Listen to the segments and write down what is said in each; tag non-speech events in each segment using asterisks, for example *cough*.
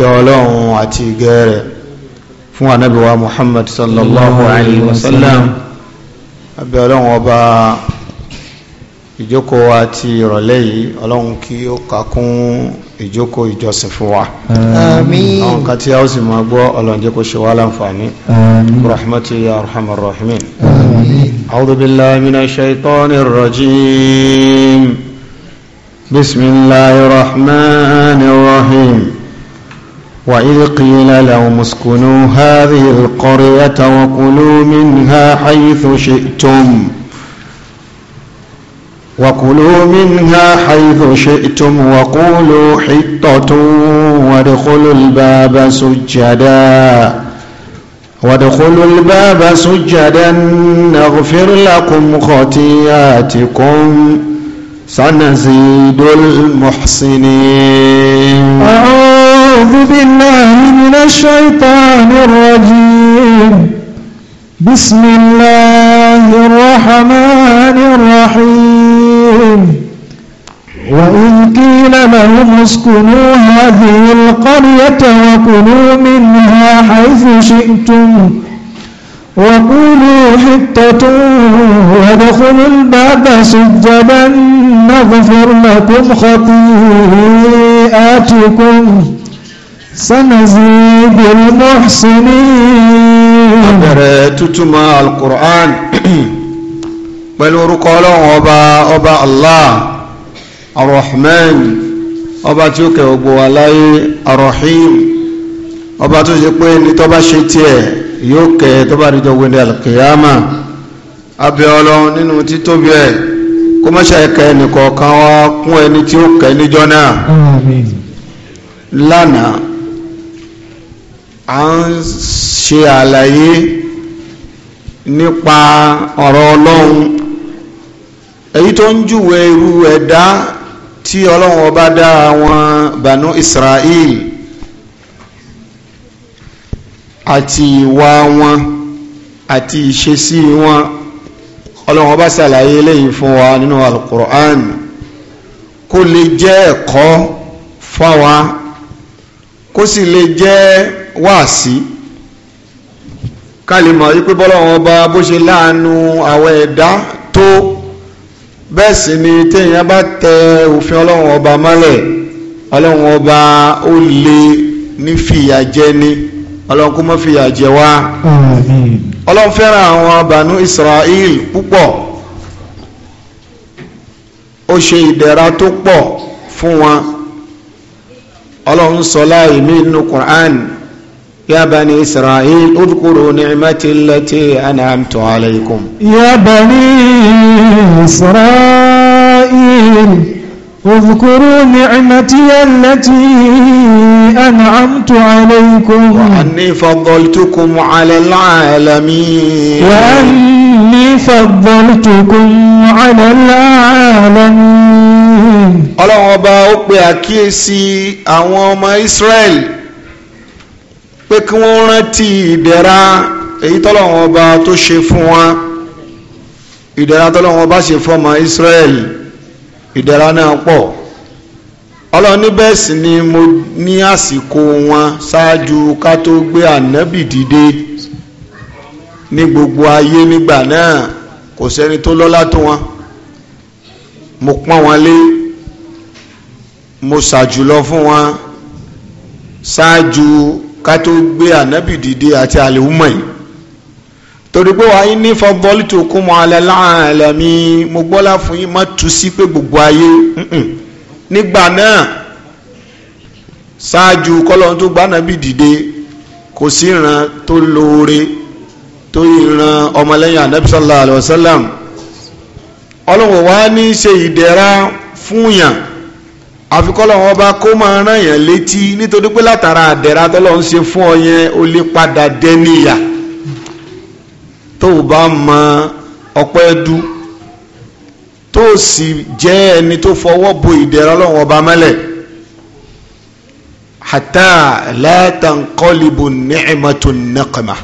ìkẹ́ ọlọ́run àti ìgẹ́ rẹ̀ fún anábíwá muhammad sallallahu alayhi wa sallam abẹ́ ọlọ́run ọba ìjókòó àti ìrọ̀lẹ́ yìí ọlọ́run kí ó kakún ìjókòó ìjọsìn fún wa àmín àwọn kan tí a ó sì máa gbọ́ ọlọ́run kó ṣe wá láǹfààní rahmatu ya arhamar rahimin وإذ قيل لهم اسكنوا هذه القرية وكلوا منها حيث شئتم وكلوا منها حيث شئتم وقولوا حطة وادخلوا الباب سجدا وادخلوا الباب سجدا نغفر لكم خطياتكم سنزيد المحسنين أعوذ بالله من الشيطان الرجيم بسم الله الرحمن الرحيم وإن قيل لهم اسكنوا هذه القرية وكلوا منها حيث شئتم وقولوا حتة وادخلوا الباب سجدا نغفر لكم خطيئاتكم sanazidi al-muhsinin. a bẹ̀rẹ̀ tútùmọ̀ al-Qur'an *clears throat* pẹ̀lú orúkọ ọlọ́run ọba ọba allah arrahman ọba tí ó kẹ́ gbogbo wa láyé arrahim ọba tó ṣe pé ní tọ́ba ṣe tiẹ̀ yóò kẹ́ tọ́ba àdìjọ wẹ́ndé al-qiyama abẹ́ ọlọ́run nínú títóbi ẹ̀ kó mọ́ṣẹ́ ẹ̀kẹ́ ẹnìkọ̀ọ̀kan wá kún ẹni tí ó kẹ́ níjọ́ náà lánàá a ń ṣe àlàyé nípa ọ̀rọ̀ ọlọ́run èyí tó ń júwe irú ẹ̀dá tí ọlọ́run ọba dá àwọn bànú Israel àti ìwà wọn àti ìṣesí wọn ọlọ́run ọba ṣàlàyé eléyìí fún wa nínú alukur'an kó lè jẹ́ ẹ̀kọ́ fáwa kó sì lè jẹ́ wáàsí ká lè mọ̀ wípé bọ́lọ́wọ́n bá bó ṣe láàánú àwọn ẹ̀dá tó bẹ́ẹ̀ sì ni téèyàn bá tẹ òfin ọlọ́run ọba mọ́lẹ̀ ọlọ́run ọba ó lè ní fìyà jẹ ni ọlọ́run kó má fìyà jẹ wá ọlọ́run fẹ́ràn àwọn bànú Israel púpọ̀ ó ṣe ìdẹ̀ra tó pọ̀ fún wọn ọlọ́run sọ láì ní inú Qur'an يا بني إسرائيل اذكروا نعمتي التي أنعمت عليكم يا بني إسرائيل اذكروا نعمتي التي أنعمت عليكم وأني فضلتكم على العالمين وأني فضلتكم على العالمين ألا أبا ó أكيسي àkíyèsí إسرائيل pé kí wọ́n rántí ìdẹ̀ra èyí tọ́lọ́wọ́n ọba tó ṣe fún wa ìdẹ̀ra tọ́lọ́wọ́n ọba ṣe fún ọmọ Israel ìdẹ̀ra náà pọ̀ ọlọ́ni bẹ́ẹ̀ sì ni mo ní àsìkò wọn ṣáájú ká tó gbé ànábì dìde ní gbogbo ayé nígbà náà kò sẹ́ni tó lọ́lá tó wọn mo pọ́n wọn lé mo ṣàjùlọ fún wọn ṣáájú ká tó gbé ànábì dìde àti àlèhùmọ̀ yìí torí pé wàá ní fọbọ́lì tó kún mọ́ alẹ́ láàlẹ́ mi mo gbọ́lá fún yín má tú sí pé gbogbo ayé nígbà náà ṣáájú kọ́lọ́n tó gbá ànábì dìde kò sí ìran tó lóore tó ìran ọmọlẹ́yìn ànábì sallallahu alaihi wasallam ọlọ́run wàá ní ṣe ìdẹ̀ra fún yàn àfikọ́lọ̀ wọn bá kó máa rán yẹn létí nítorí pé látara àdẹ̀ra tọ́lọ́ ń ṣe fún ọ yẹn ó lè padà dẹ́níyà tó o bá mọ ọpẹ́ dú tó o sì jẹ́ ẹni tó fọwọ́ bo ìdẹ̀ra ọlọ́run ọba mẹ́lẹ̀ hàtà látàǹkọ́lìbù ni'matun naqma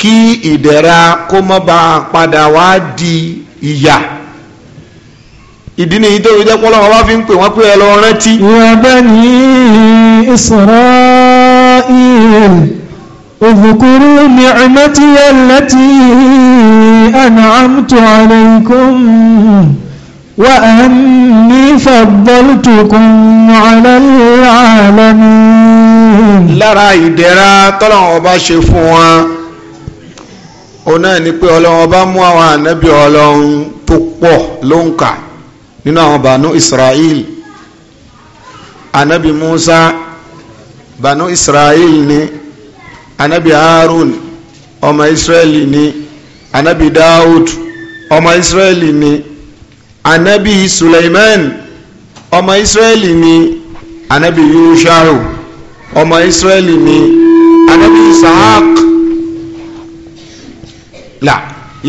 kí ìdẹ̀ra kó má bàa padà wá di ìyà ìdí nìyí tó fi jẹ́pọ́ lọ́wọ́ wá fi ń pè wọ́n pé ẹ lọ rántí. ya bani Isra'il udhkuru ni'mati allati an'amtu alaykum wa anni faddaltukum ala alamin. lára ìdẹ̀ra tọ́lọ́wọ́n ọba ṣe fún wọn òun náà ni pé ọlọ́wọ́n ọba mú àwọn ànábì ọlọ́run tó pọ̀ lóǹkà nínú àwọn banu israel anabi musa banu israel ni anabi harun ọmọ israel ni anabi daud ọmọ israel ni anabi suleiman ọmọ israel ni anabi yusharu ọmọ israel ni anabi isaac la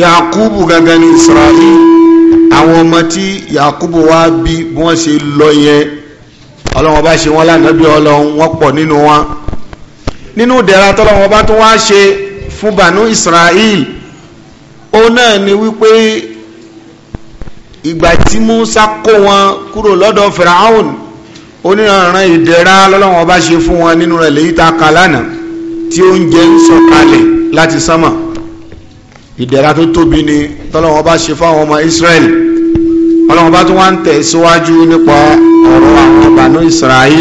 yakubu gangan israel àwọn ọmọ tí Yakubu wá bí bí wọ́n ṣe lọ yẹn ọlọ́wọ́n bá ṣe wọ́n lánàbí ọlọ́run wọ́n pọ̀ nínú wọn nínú ìdẹ̀ra tọ́lọ́wọ́n bá tún wá ṣe fún bànú Israel ó náà ni wípé ìgbà tí Musa kó wọn kúrò lọ́dọ̀ Firaun onírànràn ìdẹ̀ra lọ́lọ́wọ́n bá ṣe fún wọn nínú rẹ̀ lèyí ta kà lánàá tí oúnjẹ ń sọ̀kalẹ̀ láti sánmà ìdẹ̀ra tó tóbi ni tọ́lọ́wọ́n bá ṣe fáwọn ọmọ Israel ọlọ́wọ́n bá tún wá ń tẹ̀ síwájú nípa ọ̀rọ̀ àwọn ọ̀bànú Israel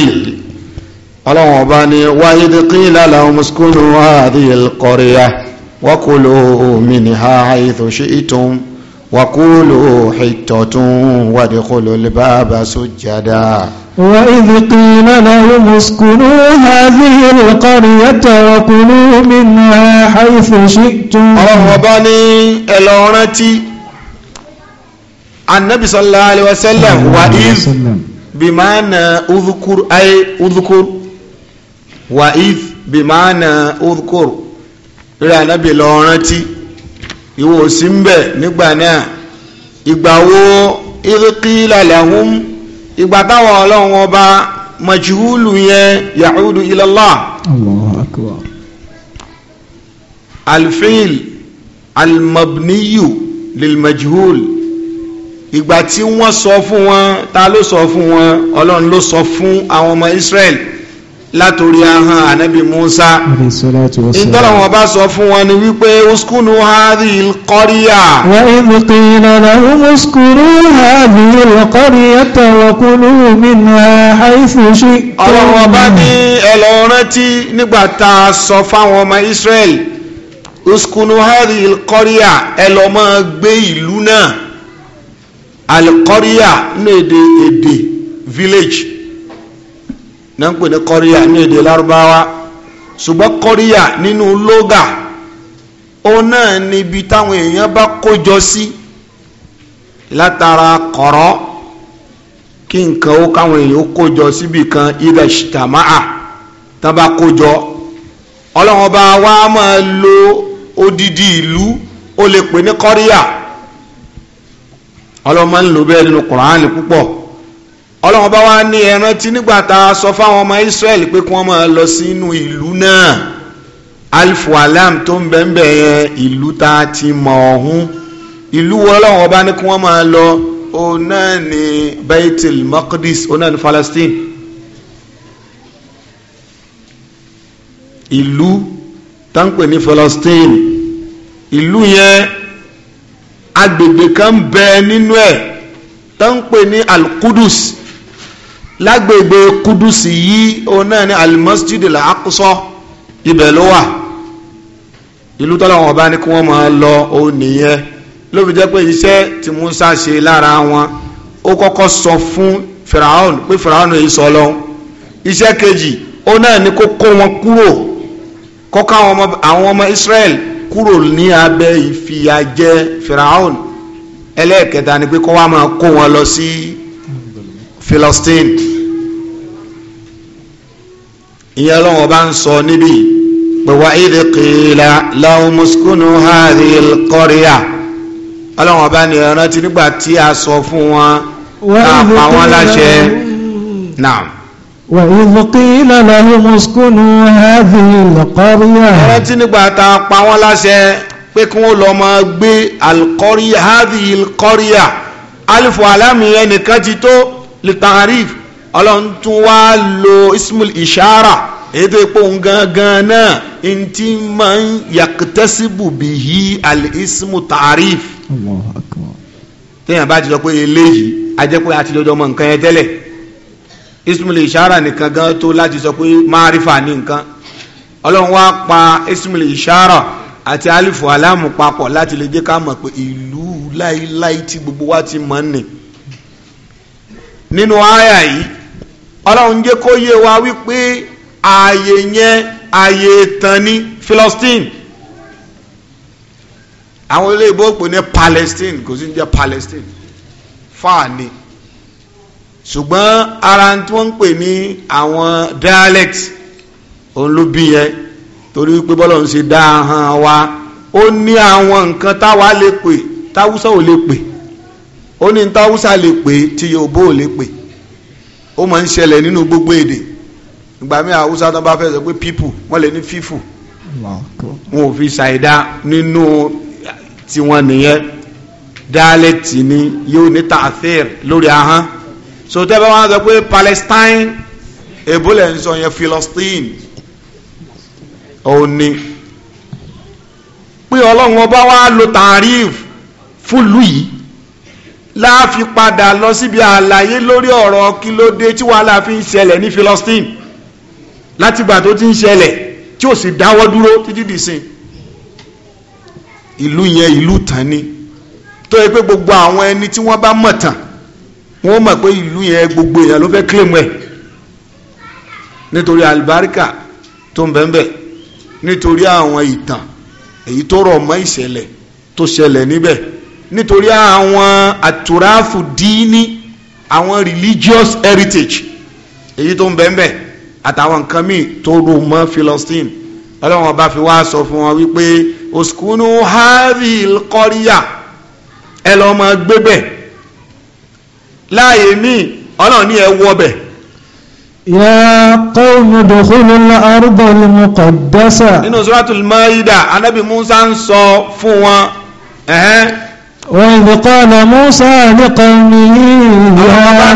ọlọ́wọ́n bá ní wáyé ní kí lálẹ́ ọmọskúlù àdìyẹl kọ́ríyá wákòló minha haythu shi'tum wákòló hitatun wàdíkòló libaba وإذ قيل لهم اسكنوا هذه القرية وكلوا منها حيث شئتم الله بني الأورتي النبي صلى الله عليه وسلم وإذ بمعنى أذكر أي أذكر وإذ بمعنى أذكر rírà nábì lọ rántí ìwòsí ń bẹ̀ nígbà náà ìgbà táwọn ọlọ́run ọba majhulu yẹn yahudu ilallah Allahu akbar alfil almabniyu lilmajhul ìgbà tí wọ́n sọ fún wọn ta ló sọ fún wọn ọlọ́run ló sọ fún àwọn ọmọ Israel látòrí ahọ́n ànábì Musa ìtọ́lọ̀wọ̀n bá sọ fún wọn ni wípé uskunu hadhihi al-qarya wa idh qila lahum uskunu hadhihi al-qaryata wa kulu minha haythu shi'tum ọlọ́wọ̀n bá ní ẹlọ́rántí nígbàtà sọ fáwọn ọmọ Israel uskunu hadhihi al ẹlọ́mọ gbé ìlú náà al ní èdè èdè village náà ń pè ní kọ́ríyà ní èdè lárúbáwá ṣùgbọ́n kọ́ríyà nínú lógà òun náà ni ibi táwọn èèyàn bá kójọ sí látara kọ̀rọ̀ kí nǹkan ó káwọn èèyàn ó kójọ síbi kan ilẹ̀ ṣìtàmáà tán bá kójọ ọlọ́run bá wá máa lo odidi ìlú ó lè pè ní kọ́ríyà ọlọ́run máa ń lò bẹ́ẹ̀ nínú kùránì púpọ̀ ọlọ́run bá wá ní ẹ rántí nígbà tá a sọ fáwọn ọmọ Israẹli pé kí wọ́n máa lọ sínú ìlú náà alifu alam tó ń bẹ́ńbẹ́ yẹn ìlú tá a ti mọ̀ ọ̀hún ìlú ọlọ́run ọba ní kí wọ́n máa lọ òun ní Baitul Maqdis òun ní Palestine ìlú táǹpẹ̀ ní Palestine ìlú yẹn agbègbè kan bẹ nínú ẹ̀ táǹpẹ̀ ní al lágbègbè kudusi yìí òun náà ní almasjid al-aqsa ibẹ̀ ló wà ìlú tọ́lọ́wọ́n bá ní kí wọ́n máa lọ òun nìyẹn ló fi jẹ́ pé iṣẹ́ tí Musa ṣe lára wọn ó kọ́kọ́ sọ fún Firaun pé Firaun èyí sọ lọ́hún iṣẹ́ kejì ó náà ní kó kó wọn kúrò kọ́kọ́ àwọn ọmọ Israel kúrò ní abẹ́ ìfìyàjẹ Firaun ẹlẹ́ẹ̀kẹta ni pé kó wá máa kó wọn lọ sí Philistine ìyẹn ọlọ́run ọba ń sọ níbí pé wa idh qila lahum uskunu hadhihi al-qarya ọlọ́run ọba ní rántí nígbà tí a sọ fún wọn ká pa wọn láṣẹ náà. wa idh qila lahum uskunu hadhihi al-qarya. nígbà tá a pa wọn láṣẹ pé kí wọ́n lọ máa gbé al-qarya hadhihi alifu alami yẹn ti tó litarif ọlọ́run tún wá lo ismul ishara èyí tó pé òun gangan náà n ti máa ń yàtẹ́síbù bihi al-ismu ta'rif téèyàn bá ti sọ pé eléyìí a jẹ́ pé a ti jọjọ́ mọ nǹkan yẹn tẹ́lẹ̀ ismul ishara nìkan gan tó láti sọ pé máàrífà ní nǹkan ọlọ́run wá pa ismul ishara àti alifu alamu papọ̀ láti lè jẹ́ ká mọ̀ pé ìlú láíláí tí gbogbo wa ti mọ̀ nì nínú àyà yìí ọlọ́run jẹ́ kó yé wa wípé ààyè yẹn ààyè ìtàn ní philistine àwọn olóyìnbó pè ní palestine kò sí jẹ́ palestine fáà ni ṣùgbọ́n ara tí wọ́n ń pè ní àwọn dialect òun ló bí yẹn torí pé bọ́lá ń ṣe dá hàn wa ó ní àwọn nǹkan táwa lè pè táwùsá ò lè pè ó ní táwùsá lè pè tí Yorùbá ò lè pè ó máa ń ṣẹlẹ̀ nínú gbogbo èdè ìgbà mi àwùsá tó bá fẹ́ sọ pé pípù wọ́n lè ní fífù wọn ò fi ṣàìdá nínú tiwọn nìyẹn dáálẹ́tì ni yóò ní tààfẹ́ẹ̀r lórí ahọ́n so tẹ́ bá wọn sọ pé Palestine èbó lẹ̀ ń sọ yẹn Philistine òun ni pé ọlọ́run ọba wa lo tààríf fún lùyìí láàfi padà lọ síbi àlàyé lórí ọ̀rọ̀ kí ló dé tí wàhálà fi ń ṣẹlẹ̀ ní Philistine látìgbà tó ti ń ṣẹlẹ̀ tí ò sì dáwọ́ dúró títí dìsìn ìlú yẹn ìlú tán ni tó yẹ pé gbogbo àwọn ẹni tí wọ́n bá mọ̀ tán wọ́n mọ̀ pé ìlú yẹn gbogbo èèyàn ló fẹ́ kílèmù ẹ̀ nítorí alibarika tó ń bẹ́ńbẹ́ nítorí àwọn ìtàn èyí tó rọ̀ mọ́ ìṣẹ̀lẹ̀ tó ṣẹlẹ̀ níbẹ̀ nítorí àwọn àtúráfù díínì àwọn religious heritage èyí tó ń bẹ́ẹ̀nbẹ́ àtàwọn nǹkan míì tó rò mọ́ philistine ọlọ́run ọba fi wá sọ fún wọn wípé oskunu haril kọ́ríyà ẹ lọ́ mọ gbébẹ̀ láàyè míì ọlọ́run ní ẹ wọbẹ̀. Ya qawmi dukhulul ardal muqaddasa. Nínú Suratul Maida, Anabi Musa ń sọ fún wọn, وإذ قال موسى لقومه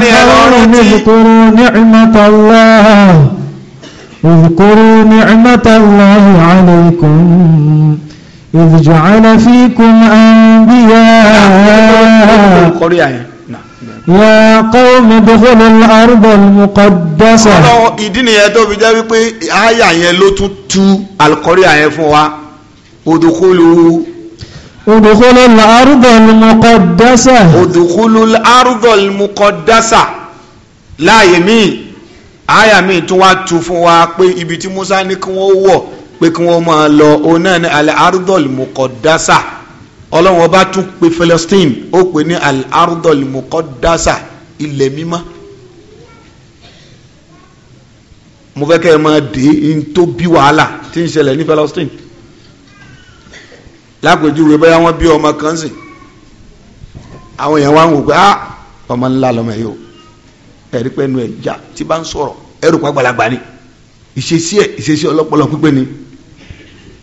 يا قوم اذكروا نعمة الله اذكروا نعمة الله عليكم إذ جعل فيكم أنبياء يا قوم ادخلوا الأرض المقدسة ìdí nìyẹn tó fi jẹ́ wípé àyà yẹn ló ادخلوا ادخلوا الارض المقدسه ادخلوا الارض المقدسه láàyè míì àyà míì tún wá tu fún wa pé ibi tí Musa ní kí wọ́n wọ̀ pé kí wọ́n máa lọ òun náà ní al-ardol mukodasa ọlọ́run ọba tún pe Palestine ó pè ní al-ardol mukodasa ilẹ̀ mímọ́ mo fẹ́ kẹ́ ẹ máa dé n tó bí wàhálà tí ń ṣẹlẹ̀ ní Palestine lápèjúwe bóyá wọ́n bí ọmọ kan sìn àwọn èèyàn wá ń wò pé ah ọmọ ńlá lọmọ yìí o ẹ̀rí pé ẹnu ẹ̀ já tí bá ń sọ̀rọ̀ ẹrù pàgbàlagbà ni ìṣesí ẹ̀ ìṣesí ọlọ́pọlọ pípé ni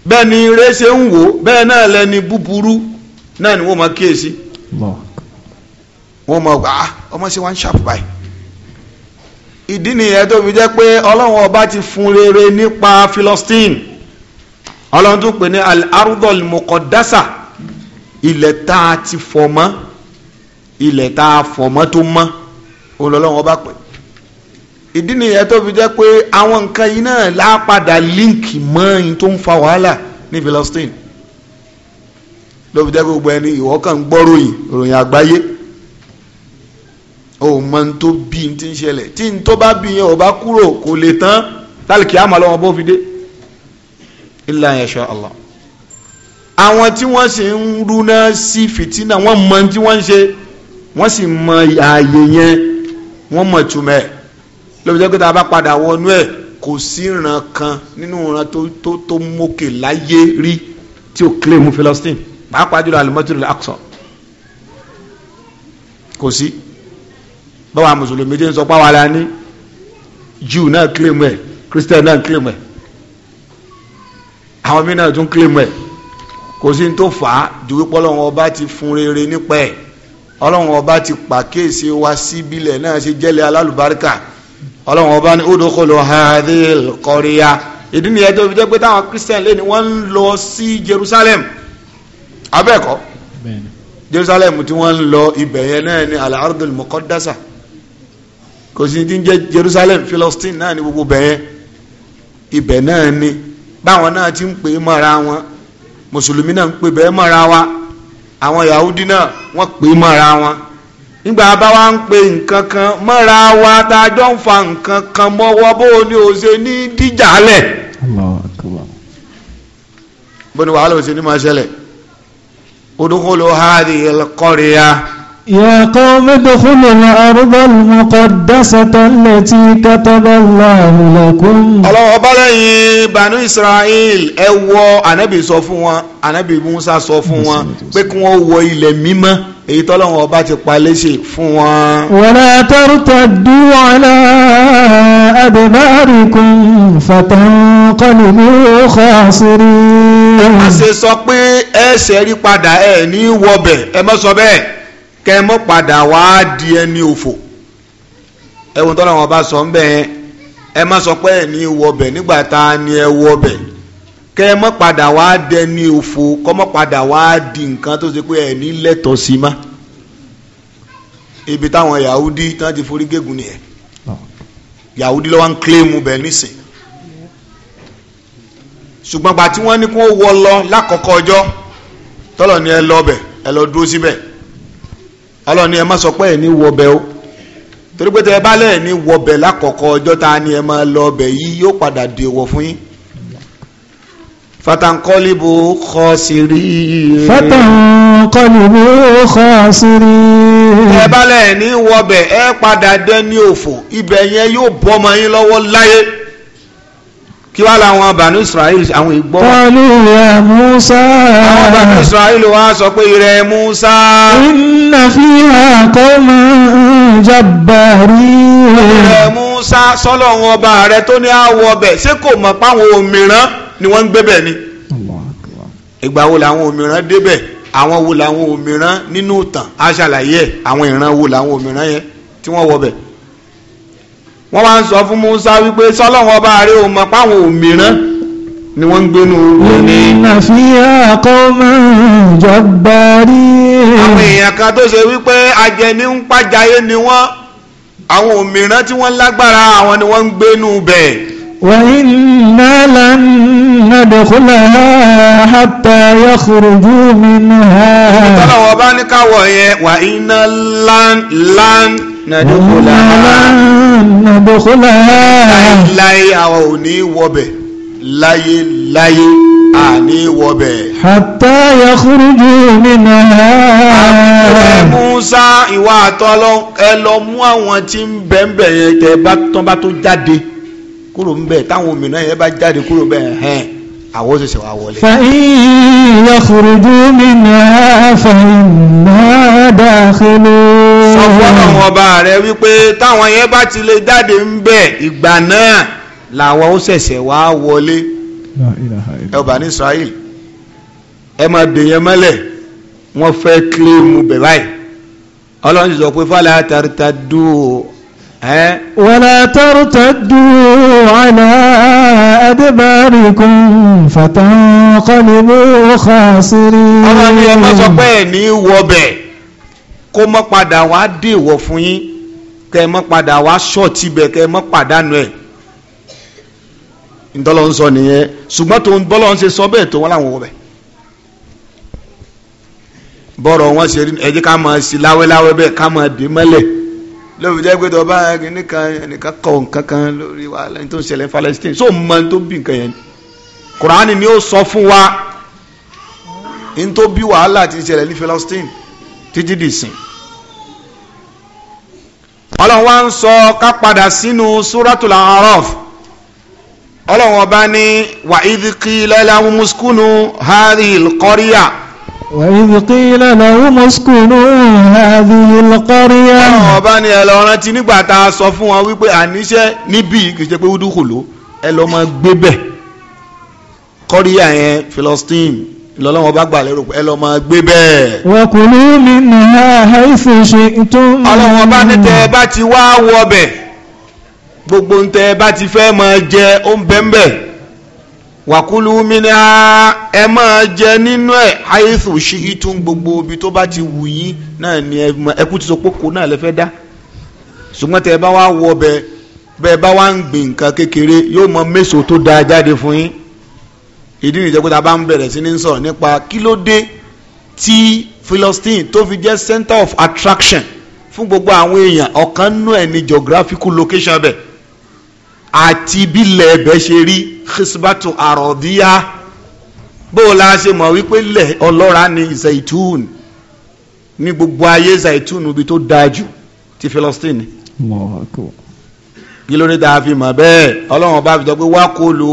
bẹ́ẹ̀ ni eré ṣe ń wò bẹ́ẹ̀ náà lẹni búburú náà ni wọ́n máa kíyèsí wọ́n máa gbà á ah, ọmọ ṣe wá ń ṣàpù báyìí ìdí nìyẹn tó fi jẹ́ pé ọlọ́run ọba ti fún rere nípa Philistine ọlọ́run tún pè ní al-ardhul muqaddasa ilẹ̀ tá a ti fọ̀ mọ́ ilẹ̀ tá a fọ̀ mọ́ tó mọ́ olọ́lọ́run ọba pè ìdí nìyẹn tó fi jẹ́ pé àwọn nǹkan yìí náà lápadà líǹkì mọ́ ẹni tó ń fa wàhálà ní philistine ló fi jẹ́ pé gbogbo ẹni ìwọ kàn ń gbọ́ ròyìn àgbáyé o mọ n tó bí n ti ń ṣẹlẹ̀ tí n tó bá bí yẹn ò bá kúrò kò lè tán tálíkì àmọ́ lọ́wọ́ bó fi dé ilà yẹsọ Allah àwọn tí wọ́n sì ń rúná sí fìtínà wọ́n mọ tí wọ́n ń ṣe wọ́n sì mọ ààyè yẹn wọ́n mọ̀ túmẹ̀ lóbi jẹ́ pé tá a bá padà wọnú ẹ̀ kò sí ìran kan nínú ìran tó tó tó mókè láyé rí tí ó kílè mú philistine pàápàá jùlọ alimọ́tò lè àkùsọ̀ kò sí báwa mùsùlùmí ti ń sọ pàwọn ara ní náà kílè mú ẹ̀ náà kílè mú àwọn mìíràn tún kílèmù ẹ̀ kò sí ní tó fà á ju wípé ọlọ́run ọba ti fún rere nípa ẹ̀ ọlọ́run ọba ti pàkíyèsí wa síbílẹ̀ náà ṣe jẹ́lẹ̀ alálùbáríkà ọlọ́run ọba ní udkhulu hadhil qarya ìdí nìyẹn tó fi jẹ́ pé táwọn christian lé ní wọ́n ń lọ sí Jerusalem abẹ́ẹ̀kọ́ Jerusalem tí wọ́n ń lọ ibẹ̀ yẹn náà ní al-ardul muqaddasa kò sí ní jẹ́ Jerusalem Philistine náà ni gbogbo bẹ̀yẹn ibẹ̀ náà ní báwọn náà ti ń pè é mọ́ra wọn mùsùlùmí náà ń pè bẹ́ẹ̀ mọ́ra wa àwọn yahudi náà wọ́n pè é mọ́ra wọn nígbà bá wa ń pe nǹkan kan mọ́ra wa tá a jọ ń fa nǹkan kan mọ́wọ́ bó o ní o ṣe ní díjàlẹ̀ bó ni wàhálà ò ṣe ní máa ṣẹlẹ̀ udkhulu hadhihi al يا قوم ادخلوا الأرض المقدسة التي كتب الله لكم ọlọ́wọ́ bọ́lá yìí banu israel ẹ wọ anabi sọ fún wọn anabi musa sọ fún wọn pé kí wọ́n wọ ilẹ̀ mímọ́ èyí tọ́lọ́wọ́n ọba ti pa léṣe fún wọn. ولا ترتدوا على أدباركم فتنقلبوا خاسرين. ẹ má ṣe sọ pé ẹ ṣẹ́rí padà ẹ ní wọbẹ̀ ẹ má sọ bẹ́ẹ̀ kẹ́ mọ́ padà wá di ẹni òfò ẹ̀wọ̀n tọ́lá wọn bá sọ ń bẹ̀ yẹn ẹ má sọ pé ẹ̀ ní wọbẹ̀ nígbà tá a ní ẹ wọbẹ̀ kẹ́ mọ́ padà wá di ẹni òfò kọ́ mọ́ padà wá di nǹkan tó ṣe pé ẹ̀ ní lẹ́tọ̀ọ́ sí má ibi táwọn Yahudi tí ti forí gégùn nìyẹn Yahudi lọ́wọ́ ń kílẹ̀mù bẹ̀ nísìn ṣùgbọ́n gbà tí wọ́n ní kó wọ lọ lákọ̀ọ́kọ́ ọjọ́ tọ́lọ̀ ni ẹ lọ bẹ̀ ẹ lọ dúró síbẹ̀ ọlọ́run ni ẹ má sọ pé ẹ ní wọbẹ̀ o torí pé tẹ ẹ bá lẹ̀ ní wọbẹ̀ lákọ̀ọ́kọ́ ọjọ́ ta ni ẹ máa lọ ọbẹ̀ yìí yóò padà dé wọ fún yín. fatankọ́líbù khasiri. fatankọ́líbù khasiri. ẹ bá lẹ̀ ní wọbẹ̀ ẹ padà dé ní òfò ibẹ̀ yẹn yóò bọ́ ọmọ yín lọ́wọ́ láyé kí wá làwọn bànú israel àwọn ìgbọ́. qalu ya musa. àwọn bànú israel wá sọ pé ìrẹ musa. inna fiha qawman jabbarin. ìrẹ musa sọ́lọ̀ wọn ọba rẹ tó ní àwọ̀ ọbẹ̀ ṣé kò mọ̀ páwọn òmìrán ni wọ́n ń gbé bẹ̀ ni. ìgbà wo làwọn òmìrán débẹ̀ àwọn wo làwọn òmìrán nínú ìtàn aṣàlàyé àwọn ìran wo làwọn òmìrán yẹn tí wọ́n wọ bẹ̀ wọ́n wá ń sọ fún Musa wípé sọ́lọ́wọ́n ọba rẹ̀ ò mọ̀ páwọn òmíràn ni wọ́n ń gbénu omi. ni àwọn òmíràn tí wọ́n lágbára àwọn ni wọ́n ń gbénu bẹ̀. wa inna lan nadkhulaha hatta yakhruju minha. ìtọ́lọ̀wọ̀ bá ní káwọ̀ yẹn wa inna lan nàdókòlá láyé àwọn ò ní wọbẹ̀ láyé láyé àní wọbẹ̀ hatta yakhruju minha ààrẹ Musa ìwà àtọ́lọ́ ẹ lọ mú àwọn tí ń bẹ̀ẹ̀bẹ̀ yẹn tẹ́ bá tán bá tó jáde kúrò ń bẹ̀ táwọn òmìnira yẹn bá jáde kúrò bẹ̀ hẹ́n àwọn òṣèṣẹ́ wa wọlé. fa'in yakhruju minha fa inna dakhilun. sọ fọ́nà ọba rẹ wípé táwọn yẹn bá ti lè jáde ń bẹ̀ ìgbà náà làwọn òṣèṣẹ́ wa wọlé. ọba ní Israel ẹ máa dèyẹn mọ́lẹ̀ wọ́n fẹ́ kílẹ̀ mu bẹ̀ báyìí ọlọ́run ti sọ pé fala tartaddu. ولا ترتدوا على أدباركم فتنقلبوا خاسرين ọ̀rọ̀ ni ẹ má sọ pé ẹ̀ ní wọbẹ̀ kó mọ́ padà wá dèwọ̀ fún yín kẹ́ ẹ padà wá ṣọ́ọ̀tì bẹ̀ kẹ́ ẹ mọ́ pàdánù ẹ̀ ń sọ nìyẹn ṣùgbọ́n tó ń bọ́lọ́ ń ṣe sọ bẹ́ẹ̀ tó wọ́n làwọn wọbẹ̀ bọ́rọ̀ wọn ṣe rí ká máa sí láwẹ́láwẹ́ bẹ́ẹ̀ ká máa dé mọ́lẹ̀ lórí jẹ́ pé tọ́ba nìkan nìkan kọ nǹkan lórí wa lẹ́yìn tó ń ṣẹlẹ̀ Palestine so mọ tó bí nǹkan yẹn Kùránì ni ó sọ fún wa n tó bí wàhálà ti ṣẹlẹ̀ ní Palestine títí dì sìn. Ọlọ́run wa ń sọ ká padà sínú Suratul Araf Ọlọ́run ọba ní wa idh qila lahum uskunu hadhihi وإذ قيل لهم اسكنوا هذه القرية. àwọn ọba ni ẹ lọ rántí nígbà tá a sọ fún wọn wípé àníṣe níbí kì í ṣe pé udkhulu ẹ lọ máa gbé bẹ̀ kọ́ríyà yẹn Philistine ìlọ́lọ́wọ́ bá gbà lérò pé ẹ lọ máa gbé bẹ́ẹ̀. wakulu minha haythu shi'tum. ọlọ́wọ́n bá ní tẹ́ ẹ bá ti wá wọ bẹ̀ gbogbo ń tẹ́ ẹ bá ti fẹ́ máa jẹ ó ń bẹ́ẹ̀ wàkúlù mìíràn ẹ máa jẹ nínú ẹ àyèfò ṣíyí tún gbogbo ibi tó bá ti wù yín náà ni ẹkú ti sọ pópó náà lè fẹ́ dá ṣùgbọ́n tẹ ẹ bá wá wọ bẹ bẹ ẹ bá wá ń gbìn nǹkan kékeré yóò mọ méso tó da jáde fún yín ìdí nìjẹ́ pé ta bá ń bẹ̀rẹ̀ sí ní sọ̀rọ̀ nípa kí ló dé tí philistine tó fi jẹ́ center of attraction fún gbogbo àwọn èèyàn ọ̀kan nú ẹ̀ ní geographical location bẹ̀ àti bí ilẹ̀ ṣe rí khisbatu àròdíyá bó o la ṣe mọ̀ wípé lẹ̀ ọlọ́ra ni zaitun ní gbogbo ayé zaitun ibi tó dáa jù ti Filistini. kí ló dé tá a fi mọ̀ bẹ́ẹ̀ ọlọ́run ọba fi sọ pé wakulu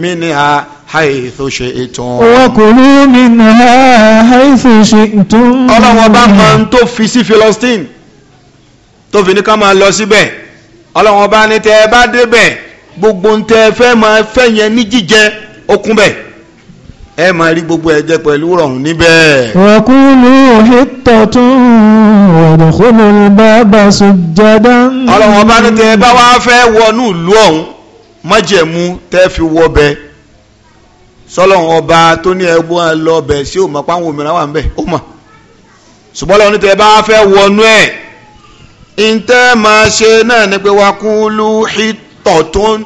minha haythu shi'tum. wakulu minha haythu shi'tum. ọlọ́run ọba máa ń tó fi sí Filistini tó fi ní ká máa lọ síbẹ̀ ọlọ́run ọba ní tẹ́ ẹ bá débẹ̀ gbogbo ń tẹ́ fẹ́ máa fẹ́ yẹn ní jíjẹ okun bẹ́ẹ̀ ẹ máa rí gbogbo ẹ pẹ̀lú rọrùn níbẹ̀. wàkúlù hittatun wadkhulul baba sujjadan. ọlọ́run ọba ní tẹ bá wá fẹ́ wọnú ìlú ọ̀hún májẹ̀mú tẹ́ fi wọ bẹ́ẹ̀ sọlọ́run ọba tó ní ẹgbọ́n lọ bẹ̀ sí òmà páwọn òmìnira wà ń bẹ̀ ó mọ̀ ṣùgbọ́n lọ́run tẹ bá fẹ́ wọnú ẹ̀ ǹtẹ́ máa ṣe náà ni pé wàkúlù hit hitọ̀tún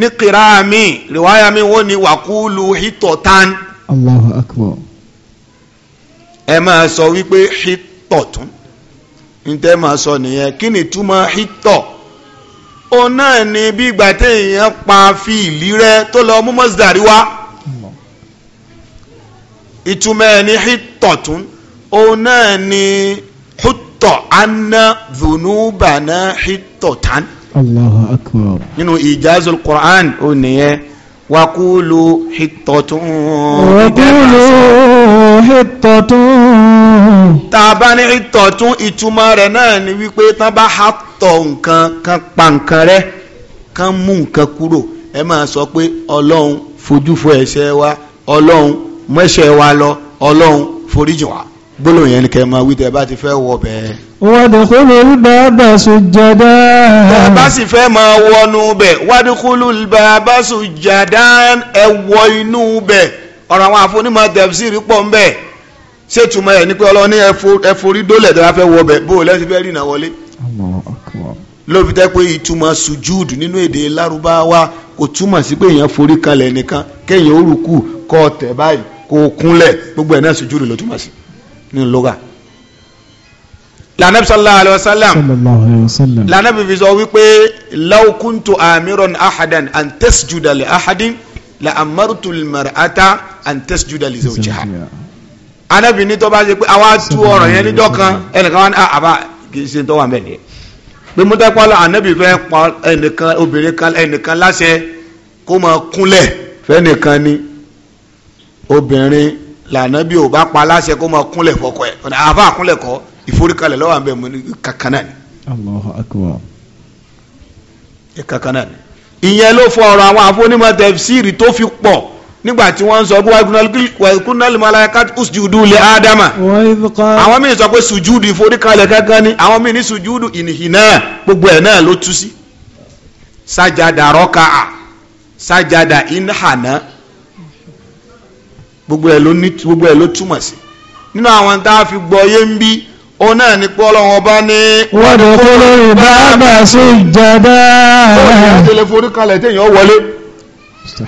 ní kira mi rìwáyà mi wọ́n ní wàkúlù hitọ̀tán. Allahu akbar. ẹ máa sọ wípé hitọ̀tún ntẹ́ máa sọ nìyẹn kí ni túmọ̀ hitọ̀ òun náà ni bí ìgbà téèyàn pa fíìlì rẹ tó lọ mú mọ́sídàrí wá ìtumọ̀ ẹ̀ ní hitọ̀tún òun náà ni hutọ̀ anna dhunubana hitọ̀tán. Allahu akbar. nínú ìjáàzù Qur'an ó nìyẹn wakulu hitotun. wakulu hitotun. tá a bá ní hitotun ìtumọ̀ rẹ̀ náà ni wípé tán bá ha tọ̀ nǹkan kan pa nǹkan rẹ̀ kan mú nǹkan kúrò ẹ máa sọ pé ọlọ́run fojú fo ẹ̀ṣẹ̀ wa ọlọ́run mú ẹ̀ṣẹ̀ wa lọ ọlọ́run foríjì wá gbólóhùn yẹn ni kẹ́ máa wí tẹ́ bá ti fẹ́ wọ bẹ́ẹ̀. wàdìkúlù bàbá sùjàdá. tẹ́ bá sì fẹ́ máa wọnú bẹ̀ wàdìkúlù bàbá sùjàdá ẹ wọ inú bẹ̀ ọ̀rọ̀ àwọn àfonímọ̀ tẹ̀síìrì pọ̀ ń bẹ̀ ṣé ìtumọ̀ ẹ̀ ní pé ọlọ́run ní ẹforí dólẹ̀ tẹ́ bá fẹ́ wọ bẹ̀ bó o lẹ́sìn fẹ́ rìnà wọlé. ló fi tẹ́ pé ìtumọ̀ sùjúd nínú èdè lárúbáwá kò túmọ̀ sí pé èèyàn forí kalẹ̀ nìkan kéèyàn ó rùkù tẹ̀ báyìí kó kúnlẹ̀ gbogbo ẹ̀ náà sùjúd ló túmọ̀ sí nínú lóga lànàbí sallallahu alayhi wa sallam lànàbí fi sọ wípé law kuntu amiran ahadan an tasjuda li ahadin la amartu al-mar'ata an tasjuda li zawjiha anabi ní tó bá ṣe pé àwa tú ọ̀rọ̀ yẹn níjọ́ kan ẹnìkan wá ní ah, àbá kì í tó wà mẹ́lẹ̀ pé mo dẹ́pọ̀ lọ anabi fẹ́ pa ẹnìkan obìnrin kan ẹnìkan láṣẹ kó máa kúnlẹ̀ fẹ́nìkan ni obìnrin lànàbí ò bá pa aláṣẹ kó máa kúnlẹ̀ fọkọ ẹ̀ ọ̀nà àbá kúnlẹ̀ kọ́ ìforíkalẹ̀ lọ́wọ́ àbẹ̀ mọ́ ní kankan náà ni. Allahu akbar. ẹ kankan náà ni. ìyẹn ló fọ ọ̀rọ̀ àwọn àfọ́nímọ̀ tẹ̀síìrì tó fi pọ̀ nígbà tí wọ́n ń sọ wàá kúnnàlì malaika usjudu li ádámà. àwọn míì sọ pé sùjúdù ìforíkalẹ̀ kankan ni àwọn míì ní sùjúdù ìnìhìnà gbogbo ẹ̀ náà ló tú sí. sájàdà rọ́kà sájàdà ìnhànà gbogbo ẹ̀ ló ní gbogbo ẹ̀ ló túmọ̀ sí nínú àwọn tá a fi gbọ́ yé ń bí òun náà ní pọ́ lọ́wọ́ bá ní. wọ́n ti kúrò ìbáàbà sí ìjọba. bóyá ìyájọ́lẹ̀ forí kalẹ̀ téèyàn wọlé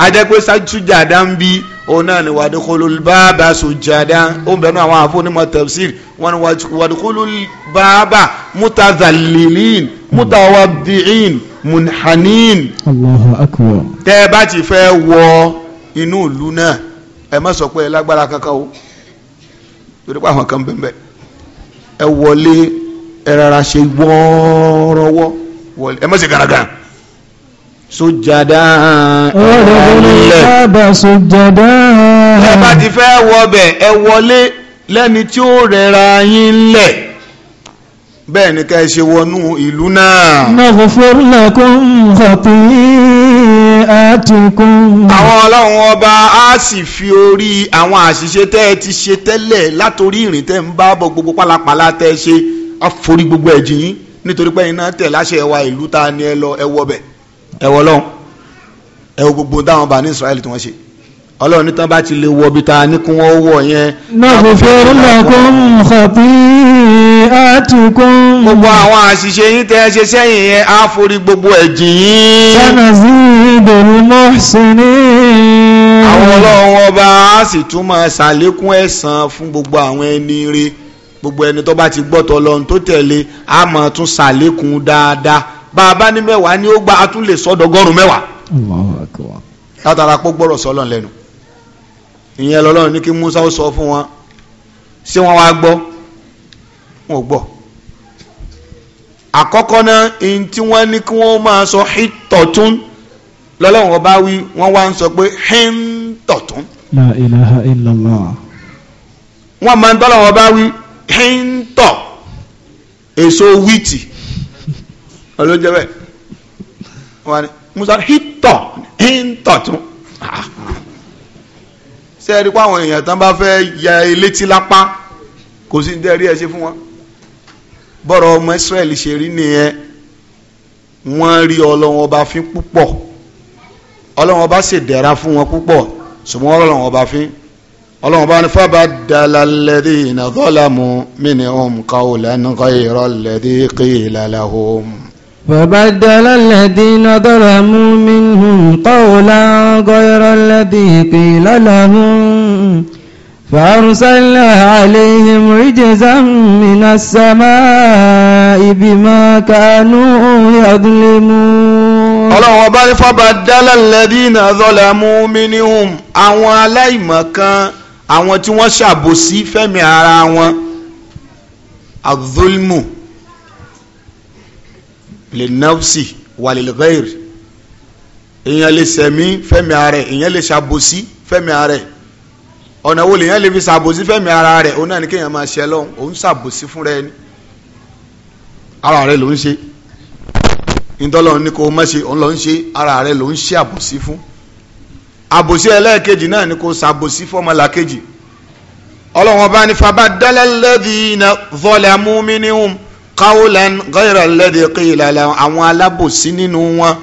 ajẹ́pẹ́ sátújàdá ń bí òun náà ni wàdíkúlù bàbà sùjàdá òun bẹ̀rù àwọn àfọ́nímọ̀ tafsir wọn ni wàdíkúlù bàbà mutazalilin mutawadiin munhanin. Allahu akbar. tẹ́ ẹ bá ti fẹ́ wọ inú ìlú náà ẹ má sọ pé ẹ lágbára kankan o torí pé àwọn kan bẹ́ẹ̀ ẹ wọlé ẹ rárá ṣe wọ́ọ́rọ́wọ́ wọlé ẹ má ṣe gàràgàrà sójàdá ọlọ́lẹ̀ ẹ bá ti fẹ́ wọbẹ̀ ẹ wọlé lẹ́ni tí ó rẹra yín lẹ̀ bẹ́ẹ̀ ni ká ẹ ṣe wọnú ìlú náà. nàfọ̀fọ́ làkún kọ̀pì àtìkún. àwọn ọlọ́run ọba á sì fi orí àwọn àṣìṣe tẹ́ ẹ ti ṣe tẹ́lẹ̀ látòrí ìrìn tẹ́ ń bá bọ̀ gbogbo pálapàla tẹ́ ẹ ṣe àforí gbogbo ẹ̀jì yín nítorí pé iná tẹ̀ láṣẹ wa ìlú ta ni ẹ lọ ẹ wọ bẹ̀ ẹ wọ lọ́hùn ẹ wo gbogbo dáhùn bá ní Israẹli tí wọ́n ṣe ọlọ́run ní tán bá ti lè wọ bí ta ní kí wọ́n wọ̀ yẹn. náà kò fi lakum khati'atikum. gbogbo àwọn àṣìṣe yín tẹ́ ẹ ṣe sẹ́yìn yẹn á forí gbogbo ẹ̀jìn yín. sanazir ìdòrò mọ́sìnì. àwọn ọlọ́run ọba á sì tún máa ṣàlékún ẹ̀san fún gbogbo àwọn ẹni ire gbogbo ẹni tó bá ti gbọ́tọ̀ lọ́run tó tẹ̀lé á máa tún ṣàlékún dáadáa bá ní mẹ́wàá ni ó gba a tún lè sọ́dọ̀gọ́rùn mẹ́wàá. látara pé gbọ́rọ̀ sọ́lọ̀ lẹ́nu ìyẹn lọ́lọ́run ní kí Musa ó sọ fún wọn ṣé wọ́n wá gbọ́ wọn ò gbọ́ àkọ́kọ́ náà ẹni tí wọ́n ní kí wọ́n máa sọ hítọ̀tún lọ́lọ́run ọba wí wọ́n wá ń sọ pé him tọ̀tún. la ilaha illallah. wọ́n máa ń tọ́lọ́run ọba wí him tọ̀ èso wíìtì ọlọ́jọ́ bẹ́ẹ̀ wọ́n ní musa hitọ̀ him tọ̀tún. ṣé ẹ rí pé àwọn èèyàn tán bá fẹ́ ya elétí lápá kò sí ní tẹ́ rí ẹ ṣe fún wọn bọ́rọ̀ ọmọ Israẹli ṣe rí nìyẹn wọ́n rí ọlọ́run ọba fín púpọ̀ ọlọ́run ọba sì dẹ̀ra fún wọn púpọ̀ ṣùgbọ́n ọlọ́run ọba fín ọlọ́run ọba ní fábà dala alladhina zalamu minhum qawlan ghayra alladhi qila lahum. فبدل الذين ظلموا منهم قولا غير الذي قيل لهم فأرسلنا عليهم رجزا من السماء بما كانوا يظلمون ọlọ́run ọba ní fabadala alladhina zalamu minhum àwọn aláìmọ̀kan àwọn tí wọ́n ṣàbòsí fẹ́mi ara wọn azulmu linafsi walilghair èèyàn lè sẹ̀mí fẹ́mi ara rẹ̀ èèyàn lè ṣàbòsí fẹ́mi ara rẹ̀ ọ̀nà wo lèèyàn lè fi ṣàbòsí fẹ́mi ara rẹ̀ òun náà ni kéèyàn máa ṣe lọ́hùn òun ṣàbòsí fúnra ẹni ara rẹ̀ ló ń ṣe ntọ́lọ́ ní kò má ṣe òun lọ ń ṣe ara rẹ ló ń ṣe àbòsí fún àbòsí ẹlẹ́ẹ̀kejì náà ni kò ṣàbòsí fọmọlàkejì ọlọ́wọ́n bá ní fabadala alladhina zalamu minhum qawlan ghayra alladhi qila lahum àwọn alábòsí nínú wọn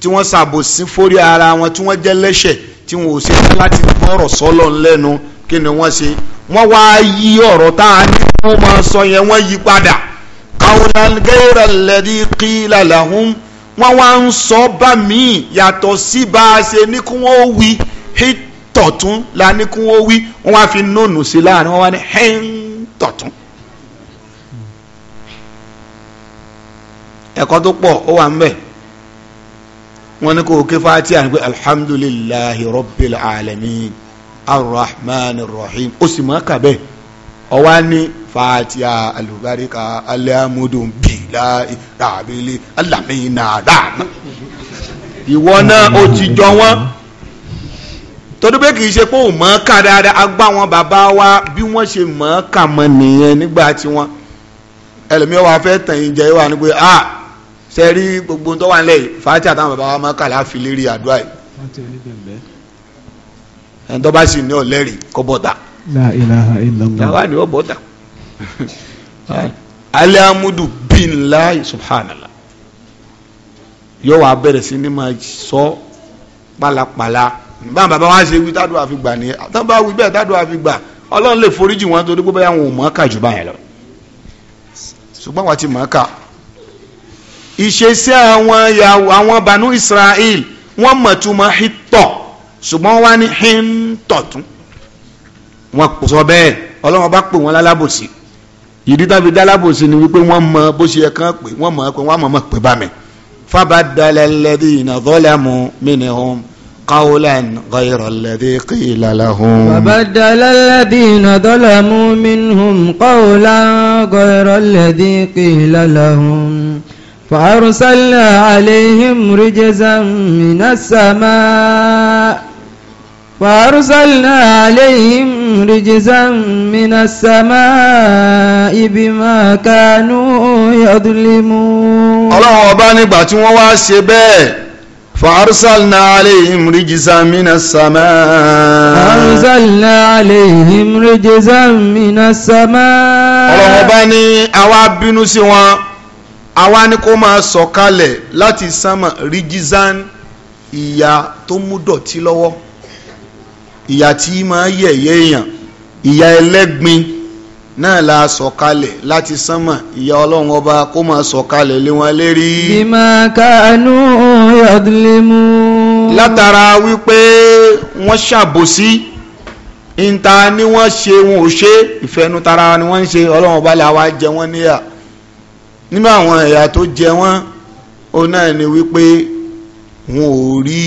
tí wọ́n ṣàbòsí fórí ara wọn tí wọ́n jẹ́ lẹ́ṣẹ̀ tí wọ́n ò ṣe láti gbọ́rọ̀ sọ́lọ̀ lẹ́nu kí ni wọ́n ṣe wọ́n wá yí ọ̀rọ̀ tá ní kó máa sọ yẹn wọ́n yí padà qawlan ghayra alladhi qila lahum wọ́n wá ń sọ bá mi yàtọ̀ sí bá a ṣe ní kí wọ́n wí hítọ̀tún la ní kí wọ́n wí wọ́n wá fi nónù sí láàrin wọ́n wá ní hẹ́ńtọ̀tún. ẹ̀kọ́ tó pọ̀ ó wà ń bẹ̀ wọ́n ní kò kí fati àgbẹ̀ alhamdulillahi rabbil alamin arrahmanir rahim ó sì mọ̀ ọ́ kà bẹ́ẹ̀ ọwá ní fàtíà alùbáríkà alámúdùn bìlá ràbílì alámìnà ràmù. ìwọ náà ó ti jọ wọn torí pé kì í ṣe pé òun mọ̀ ọ́n kà dáadáa agbá wọn bàbá wa bí wọ́n ṣe mọ̀ kà mọ́ nìyẹn nígbà tí wọ́n ẹlòmíràn wà fẹ́ tàn yín jẹ́ wà ní pé ah ṣe rí gbogbo tó wà nílẹ̀ yìí fàtíà táwọn bàbá wa mọ̀ ọ́n kà láfi lérí àdúrà yìí ẹni tó bá sì ní ọ̀lẹ́rìí kọ́ bọ́ta la ilaha illallah. yàrá ni ó bọ̀ dà alihamudu binlayi subhanallah yóò wá bẹ̀rẹ̀ sí ni máa sọ pálapàla báwọn bàbá wa ṣe wí tádùn àfi gbà nìyẹn àtàwọn bá wí bẹ́ẹ̀ tádùn àfi gbà ọlọ́run lè foríjì wọn torí pé báyà wọn ò mọ̀ ọ́ kà jù báyẹn lọ ṣùgbọ́n wọn ti mọ̀ ọ́ ìṣesí àwọn yàwó àwọn banu israel wọ́n mọ̀ tó mọ̀ ṣùgbọ́n wọ́n wá ní tún wọn kò sọ bẹ́ẹ̀ ọlọ́wọ́n bá pè wọ́n lálábòsí ìdí tàbí dálábòsí ni wípé wọ́n mọ bó ṣe yẹ kán pé wọ́n mọ̀ ẹ́ pé wọ́n mọ̀ mọ̀ pé bá mi. fabadala alladhina zalamu minhum qawlan ghayra alladhi qila lahum. fabadala alladhina zalamu minhum qawlan ghayra alladhi qila lahum. فأرسلنا عليهم رجزا من السماء وأرسلنا عليهم رجزا من السماء بما كانوا يظلمون ọlọ́run ọba nígbà tí wọ́n wá ṣe bẹ́ẹ̀ فأرسلنا عليهم رجزا من السماء فأرسلنا عليهم رجزا من السماء ọlọ́run ọba ní àwa bínú sí wọn àwa ní kó máa sọ̀kalẹ̀ láti sánmà rijizan ìyà tó mú dọ̀tí lọ́wọ́ ìyà tí máa yẹ̀yẹ́ èèyàn ìyà ẹlẹ́gbin náà la sọ̀kalẹ̀ láti sánmà ìyà ọlọ́run ọba kó máa sọ̀kalẹ̀ lé wọn lérí. bímọ kánú yadlimu. látara wípé wọ́n ṣàbòsí ìta ni wọ́n ṣe wọn ò ṣe ìfẹnutara ni wọ́n ń ṣe ọlọ́run ọba làwa jẹ wọ́n níyà nínú àwọn ẹ̀yà tó jẹ wọ́n ó náà ni wípé wọn ò rí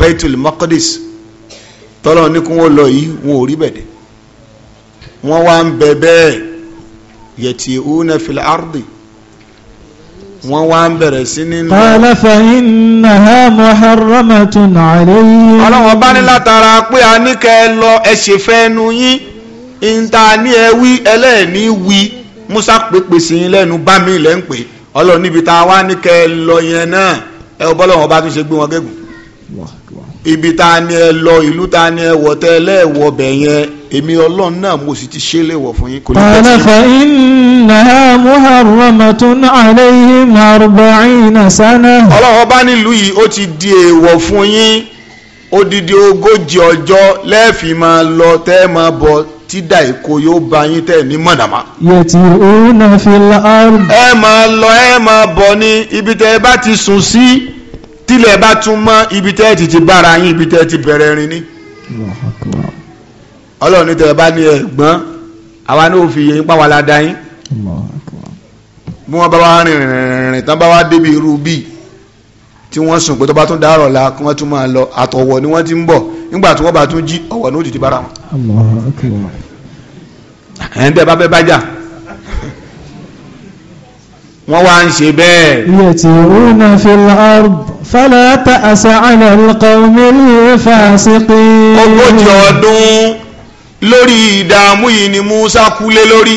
Baitul Maqdis tọ́lọ́ ní kí wọ́n lọ yìí wọn ò rí bẹ̀dẹ̀ wọ́n wá ń bẹ bẹ́ẹ̀ yẹtì una fil ardi wọ́n wá ń bẹ̀rẹ̀ sí ní. qala fa innaha muharramatun alayhim. ọlọ́wọ́n bá ní látara pé a ní kẹ́ ẹ lọ ẹ ṣe yín ìta ní ẹ wí ẹlẹ́ẹ̀ni wí musa pèpè sí yín lẹ́nu bá mi lẹ́ ń pè ọlọ́run níbi tá a wá ní kẹ́ ẹ lọ yẹn náà ẹ bọ́lọ́wọ́n bá tún ṣe gbé wọn gégùn ibi ta ni ẹ lọ ìlú ta ni ẹ wọ̀ tẹ́ lẹ́ẹ̀wọ̀ bẹ̀ yẹn èmi ọlọ́run náà mo sì ti ṣe léèwọ̀ fún yín kò lè bẹ́ẹ̀ sí. ọ̀lẹ́fẹ̀ innaha muharramatun alayhim arba'ina sana. ọlọ́run bá nílùú yìí ó ti di èèwọ̀ fún yín odidi ogójì ọjọ́ lẹ́ẹ̀fì máa lọ tẹ́ máa bọ̀ tídà èkó yóò bá yín tẹ̀ ní mọ̀nàmá. yẹtì òun náà fi la. ẹ máa lọ ẹ máa bọ̀ ní ibi tẹ́ ẹ bá ti sùn sí. Si tilẹ̀ bá tún mọ́ ibi tẹ́ ẹ ti ti bára yín ibi tẹ́ ẹ ti bẹ̀rẹ̀ rin ní. ọlọ́run ní tẹ̀lé bá ní ẹ̀gbọ́n àwa náà fi yẹn pa wà ládàá yín. bí wọ́n bá wá rìn rìn rìn tán bá wá débi irú bíi tí wọ́n sùn pé tó bá tún dárọ̀ la kí wọ́n tún máa lọ àtọ̀wọ̀ ni wọ́n ti ń bọ̀ nígbà tí wọ́n bá tún jí ọ̀wọ̀ ní òtítí bára wọn. ẹ̀ ń tẹ́ bá fẹ́ bá jà wọ́n wá ń ṣe bẹ́ẹ̀. yatiruna fil ard lórí ìdààmú yìí ni Musa kú lórí.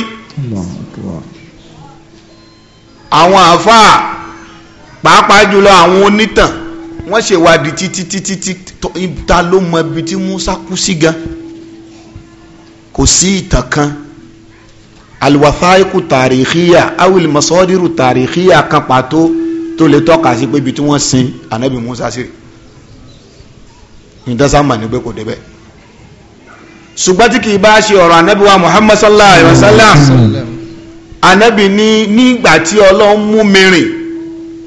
àwọn àáfàá pàápàá jùlọ àwọn onítàn wọ́n ṣèwádìí títí títí títí ta ló mọ ibi tí Musa kú sí gan kò sí ìtàn kan alwathaiku tàríkìyà awil masọ́dírù tàríkìyà kan pàtó tó lè tọ́ka sí pé ibi tí wọ́n sin anabi musa sí ní dasa mà ní pé kò ṣùgbọ́n tí kì bá ṣe ọ̀rọ̀ anabi wa muhammad sallallahu alayhi wa sallam anabi ní nígbà tí ọlọ́run mú mi rìn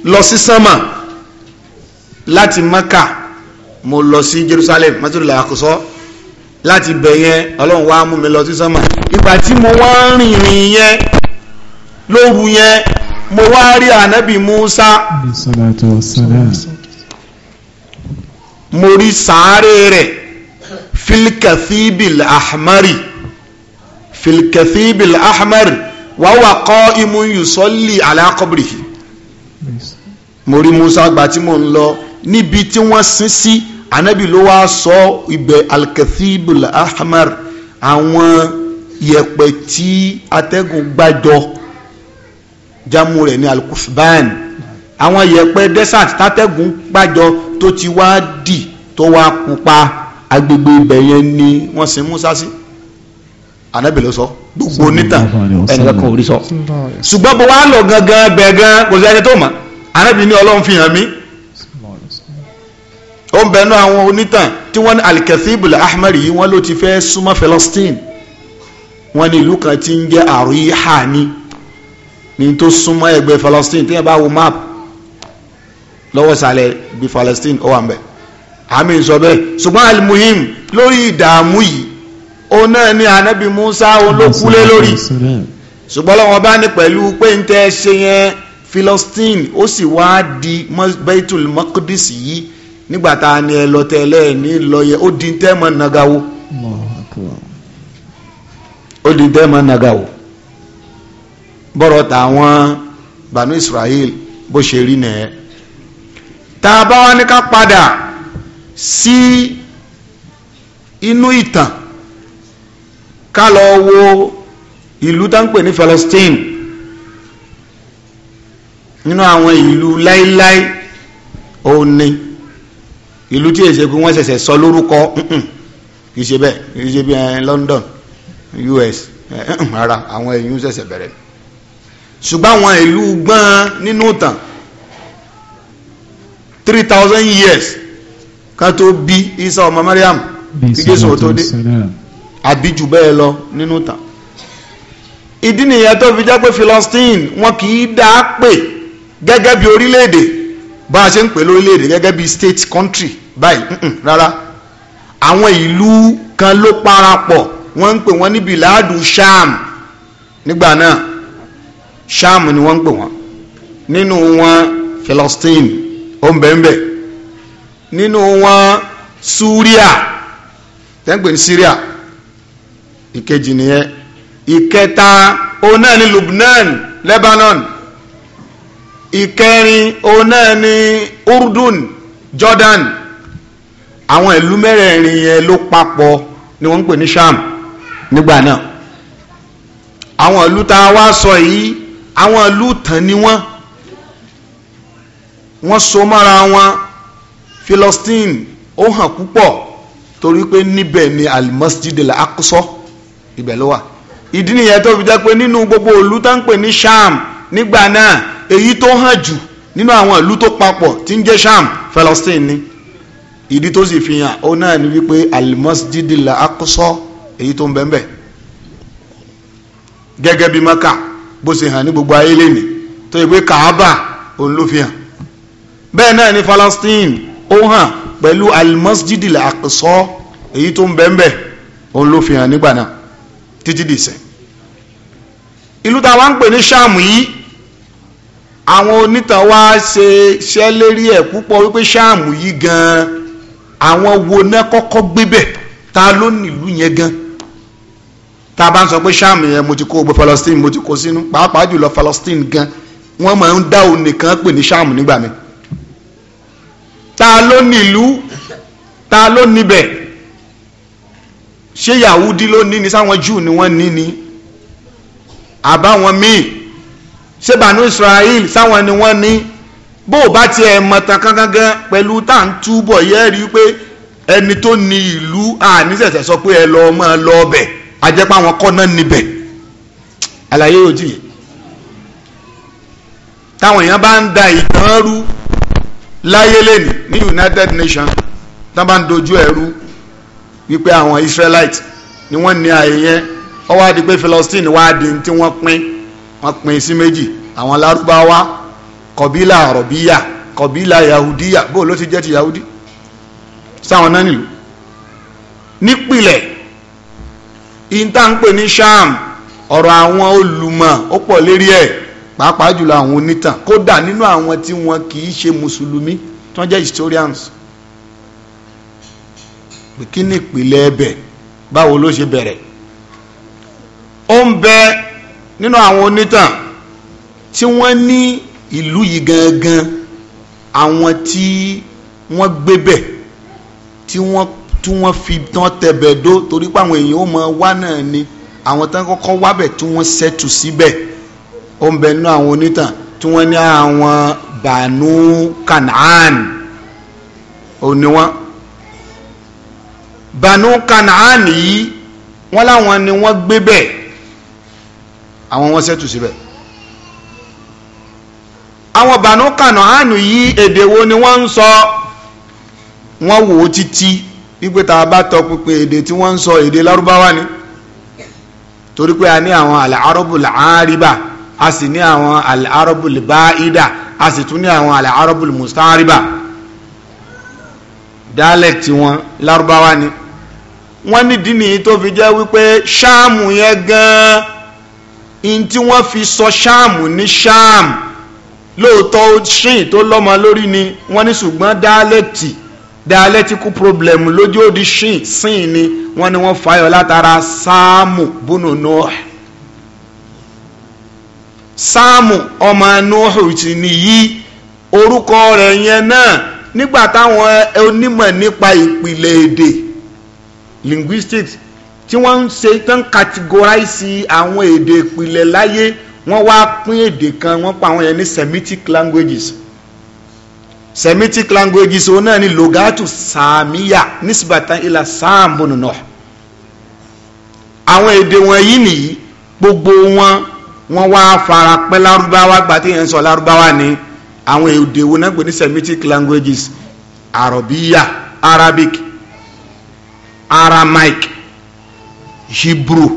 lọ sí sánmà láti maka mo lọ sí jerusalem masjidul aqsa láti bẹ̀ yẹn ọlọ́run wá mú mi lọ sí sánmà ìgbà tí mo wá rìn rìn yẹn lóru yẹn mo wá rí ànábì Musa mo rí sàárè rẹ̀ filkathibil ahmari filkathibil ahmari wà wà kọ́ imú yusolli ala mo rí Musa gbà tí mo ń lọ níbi tí wọ́n sin sí. Si anabi ló wá sọ ibẹ̀ alkathibul ahmar àwọn yẹ̀pẹ̀ tí atẹ́gùn gbàjọ jámù rẹ̀ ní alkufban àwọn yẹ̀pẹ̀ desert tátẹ́gùn gbàjọ tó ti wá dì tó wá pupa agbègbè ibẹ̀ yẹn ni wọ́n sin Musa sí anabi ló sọ gbogbo níta ẹnìkan kan rí sọ ṣùgbọ́n bó wá lọ gangan bẹ̀ gan kò sí ẹni tó mọ̀ anabi ní Ọlọ́run fi hàn mí ó ń bẹnu àwọn onítàn tí wọ́n ní alikẹ́síbùl ahmari yìí wọ́n ló ti fẹ́ súnmọ́ Palestine wọ́n ní ìlú kan tí ń jẹ́ àríhà ni ní tó súnmọ́ ẹgbẹ́ Palestine tí wọ́n bá wo map lọ́wọ́ sàlẹ̀ bí Palestine ó wà ń bẹ̀ àmì sọ bẹ́ẹ̀ ṣùgbọ́n alimuhim lórí ìdààmú yìí òun náà ni anabi Musa òun ló kúlé lórí ṣùgbọ́n lọ́wọ́ bá ní pẹ̀lú pé ń tẹ́ ṣe yẹn Palestine ó sì wá di Baitul Maqdis yìí nígbà tá a ní ẹ lọ tẹ́lẹ̀ ní lọ́yẹ ó di tẹ́ mọ́ nagawo ó di tẹ́ mọ́ nagawo bọ́rọ̀ tàwọn banu Israel bó ṣe rí nìyẹn tá a bá wá ní ká padà sí inú ìtàn ká lọ wo ìlú tá ní Palestine nínú àwọn ìlú láíláí òun ni. Lai, lai ìlú tí èsè pé wọ́n ṣẹ̀ṣẹ̀ sọ lórúkọ kì bẹ́ẹ̀ kì bí ẹ eh, London US eh, rárá àwọn ẹ̀yìn ṣẹ̀ṣẹ̀ bẹ̀rẹ̀ ṣùgbọ́n àwọn ìlú gbọ́n nínú ìtàn three thousand years ká tó bí Isa ọmọ Mariam kí Jésù tó dé àbí jù bẹ́ẹ̀ lọ nínú ìtàn ìdí nìyẹn tó fi jẹ́ pé Philistine wọn kì í dáa pè gẹ́gẹ́ bí orílẹ̀-èdè bá a ṣe ń pè lórílẹ̀‐èdè gẹ́gẹ́ bí state country báyìí rárá àwọn ìlú kan ló parapọ̀ wọ́n ń pè wọ́n ní biladu sham nígbà náà sham ni wọ́n ń pè wọ́n nínú wọn philistine ombẹ̀ǹbẹ̀ nínú wọn suria tẹ́ǹpẹ̀ ní syria ìkejì nìyẹn ìkẹta òun náà ní lubnan lebanon ìkẹrin òun náà ni Urdun Jordan àwọn ìlú mẹ́rẹ̀ẹ̀rin yẹn ló papọ̀ ni wọ́n ń pè ní Sham nígbà náà àwọn ìlú tá wá sọ yìí àwọn ìlú tàn ni wọ́n wọ́n so mọ́ra wọn Philistine ó hàn púpọ̀ torí pé níbẹ̀ ni al-Masjid al-Aqsa ibẹ̀ ló wà ìdí nìyẹn tó fi jẹ́ pé nínú gbogbo ìlú tá ń pè ní Sham nígbà náà èyí tó hàn jù nínú àwọn ìlú tó papọ̀ tí ń jẹ́ sham Palestine ni ìdí tó sì fi hàn ó náà ni wípé al-Masjidil Aqsa èyí tó ń bẹ ńbẹ̀ gẹ́gẹ́ bí Maka bó ṣe hàn ní gbogbo ayé lẹ́ni tó yẹ pé Kaaba òun ló fi hàn bẹ́ẹ̀ náà ni Palestine ó hàn pẹ̀lú al-Masjidil Aqsa èyí tó ń bẹ ńbẹ̀ òun ló fi hàn nígbà náà títí dìsẹ̀ ìlú táwa ń pè ní sham yìí àwọn onítàn wá ṣe ṣẹ́ lérí ẹ̀ púpọ̀ wípé ṣáàmù yìí gan-an àwọn wo náà kọ́kọ́ gbébẹ̀ ta ló nílùú yẹn gan-an bá ń sọ pé ṣáàmù yẹn mo ti kó gbogbo Palestine mo ti kó sínú pàápàá jùlọ Palestine gan wọ́n máa ń dá òun nìkan pè ní ṣáàmù nígbà mi ta ló nílùú ta ló níbẹ̀ ṣé Yahudi ló ní ni sáwọn Júù ni wọ́n ní ni àbáwọn míì ṣé banu Israel sáwọn ni wọ́n ní bó o bá tiẹ̀ mọ̀tàn kankan pẹ̀lú tá à ń túbọ̀ yẹ́ rí pé ẹni tó ní ìlú àníṣẹ̀ṣẹ̀ sọ pé ẹ lọ mọ́ ẹ lọ ọbẹ̀ àjẹpá wọn kọ́ náà níbẹ̀ àlàyé yóò jìyẹ táwọn èèyàn bá ń da ìtàn rú láyé lẹ́nu ní United Nations tán bá ń dojú ẹ̀rú wípé àwọn Israelite ni wọ́n ní ààyè yẹn ó wá di pé Philistine wá di tí wọ́n pín wọ́n pín sí méjì àwọn lárúbáwá kọ̀bílà àrọ̀bíyà kọ̀bílà yahudiya bó ló ti jẹ́ ti yahudi sáwọn náà nìlú nípìnlẹ̀ ìtànpè ní sham ọ̀rọ̀ àwọn olùmọ̀ ó pọ̀ lérí ẹ̀ pàápàá jùlọ àwọn onítàn kódà nínú àwọn tí wọn kì í ṣe mùsùlùmí tí wọ́n jẹ́ historians kí ni ìpìlẹ̀ ẹbẹ̀ báwo ló ṣe bẹ̀rẹ̀ ó ń bẹ́ẹ̀ nínú àwọn onítàn tí wọ́n ní ìlú yìí gangan àwọn tí wọ́n gbébẹ̀ tí wọ́n tí wọ́n fi tán tẹ̀bẹ̀ dó torí pé àwọn èèyàn ó mọ wá náà ni àwọn tán kọ́kọ́ wábẹ̀ tí wọ́n ṣẹ́tù síbẹ̀ ó ń bẹ nínú àwọn onítàn tí wọ́n ní àwọn bànú kanaan ò ní wọ́n bànú kanaan yìí wọ́n láwọn ni wọ́n gbébẹ̀ àwọn wọn sẹ́tù síbẹ̀ àwọn bànú kànà àánú yí èdè wo ni wọ́n ń sọ wọ́n wò ó títí wípé tá a bá tọ pinpin èdè tí wọ́n ń sọ èdè lárúbáwá ni torí pé a ní àwọn al-arabu al-ariba a sì ní àwọn al-arabu a sì tún ní àwọn al-arabu al-mustariba dialect wọn lárúbáwá ni wọ́n ní dínì tó fi jẹ́ wípé ṣáàmù yẹn gan-an in tí wọ́n fi sọ ṣáàmù ní ṣáàmù lóòótọ́ ṣìn tó lọ́mọ lórí ni wọ́n ní ṣùgbọ́n dáálẹ́tì dialectical problem lójú òdi ṣìn sìn ni wọ́n ní wọ́n fàyọ látara sáàmù bùnú Nuh sáàmù ọmọ Nuh ti nìyí orúkọ rẹ̀ yẹn náà nígbà táwọn onímọ̀ nípa ìpìlẹ̀ èdè linguistics tí wọ́n ń ṣe tán categorize àwọn èdè ìpìlẹ̀ láyé wọ́n wá pín èdè kan wọ́n pa àwọn yẹn ní semitic languages semitic languages òun náà ni logatu samiya nisbatan ila saambununa àwọn èdè wọ̀nyí nìyí gbogbo wọn wọ́n wá fara pẹ́ lárúbáwá gba tí yẹn ń sọ lárúbáwá ni àwọn èdè wo náà gbé ní semitic languages arabiya arabic aramaic hebrew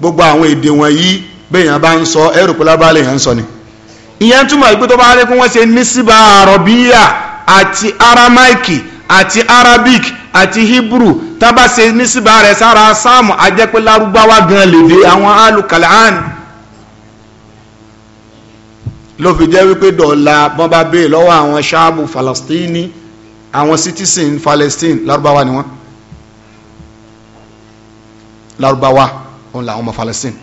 gbogbo àwọn èdè wọ̀nyí bẹ́ẹ̀yàn bá ń sọ ẹrù pé lábàálẹ̀ yẹn ń sọ ni ìyẹn túmọ̀ ìpè tó bá rí kí wọ́n ṣe nísìbà àrọ̀bíyà àti aramaiki àti arabic àti hebrew tábà ṣe nísìbà rẹ̀ sára sáàmù ajẹ́pẹ́ lárúbáwá gan lèdè àwọn alukalaan ló fi jẹ́ wípé dọ̀la bọ́n bá béè lọ́wọ́ àwọn ṣáàbù falastini àwọn citizen falastini lárúbáwá ni wọ́n. Lárúbáwá òun làwọn ọmọ Palestine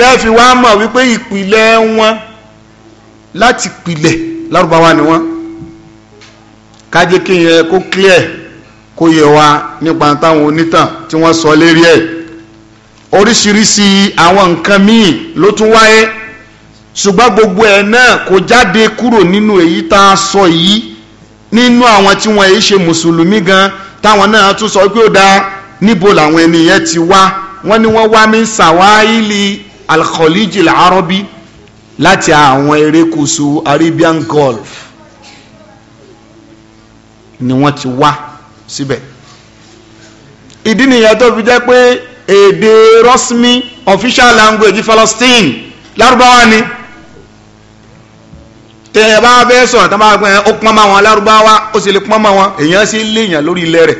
lẹ́ẹ̀fi wá mọ̀ wípé ìpìlẹ̀ wọn láti pìlẹ̀ Lárúbáwá ni wọ́n kájé kí yẹn kó clear kó yẹ wa nípa táwọn onítàn tí wọ́n sọ lérí ẹ̀ oríṣiríṣi àwọn nǹkan míì ló tún wáyé ṣùgbọ́n gbogbo ẹ̀ náà kò jáde kúrò nínú èyí tá a sọ yìí nínú àwọn tí wọ́n yìí ṣe mùsùlùmí gan táwọn náà tún sọ pé ó dáa níbo làwọn ẹni yẹn ti wá wọ́n ní wọ́n wá min sawahili alkholijil arabi láti àwọn erékùṣù Arabian Gulf ni wọ́n ti wá síbẹ̀ ìdí nìyẹn tó fi jẹ́ pé èdè rọ́símì official language Palestine lárúbáwá ni tẹ̀yẹ̀ bá fẹ́ sọ̀rọ̀ tó bá gbẹ̀ ó pọ́n mọ́ wọn lárúbáwá ó sì lè pọ́n mọ́ wọn èèyàn sì léèyàn lórí ilẹ̀ rẹ̀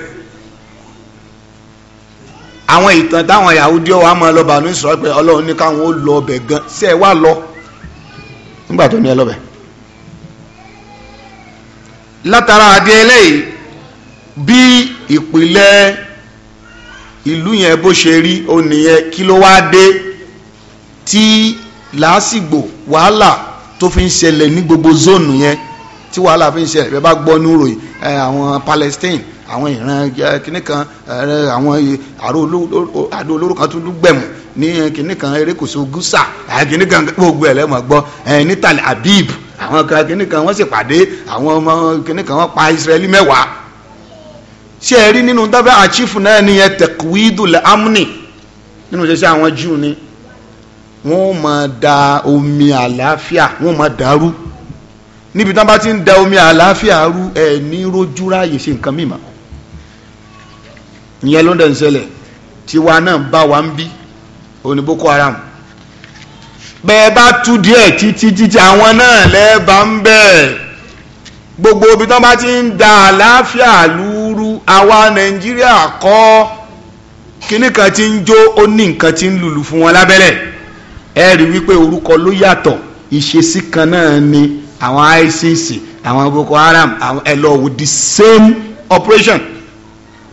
àwọn ìtàn táwọn Yahudi ọwọ́ àmọ́ ọlọ́ba ní sọ pé ọlọ́run ní káwọn ó lọ ọbẹ̀ gan sí ẹ wá lọ nígbà tó ní ẹ lọ́bẹ̀. látara adé eléyìí bí ìpìlẹ̀ ìlú yẹn bó ṣe rí ó nìyẹn kí ló wá dé tí làásìgbò wàhálà tó fi ń ṣẹlẹ̀ ní gbogbo zónù yẹn tí wàhálà fi ń ṣẹlẹ̀ bẹ́ẹ̀ bá gbọ́ nírò àwọn Palestine àwọn ìran kìnnì kan àwọn àdó olóró kan tún lúgbẹ̀mù ní kìnnì kan erékùsù gúsà kìnnì kan gbogbo ẹ̀ lẹ́mọ̀ gbọ́ ní Tel Aviv àwọn kan kìnnì kan wọ́n sì pàdé àwọn ọmọ kìnnì kan wọ́n pa Israẹli mẹ́wàá ṣé ẹ rí nínú dábẹ́ àchífù náà ní tẹ̀kùídùl amúnì nínú ṣẹṣẹ́ àwọn Júù ni wọ́n máa da omi àlàáfíà wọ́n máa dàrú níbi tán bá ti ń da omi àlàáfíà rú ẹ ní rojú ráàyè ṣe nǹkan mímọ́ ìyẹn ló ń dẹ̀ ń ṣẹlẹ̀ tiwa náà bá wa ń bí òní Boko Haram bẹ́ẹ̀ bá tú díẹ̀ títí títí àwọn náà lẹ́ẹ̀bà ń bẹ̀ gbogbo ibi tán bá ti ń da àlàáfíà lúrú àwa Nàìjíríà kọ́ kíní kan ti ń jó ó ní nǹkan ti ń lùlù fún wọn lábẹ́lẹ̀ ẹ rí wípé orúkọ ló yàtọ̀ ìṣesí kan náà ni àwọn ICC àwọn Boko Haram àwọn ẹ lọ with the same operation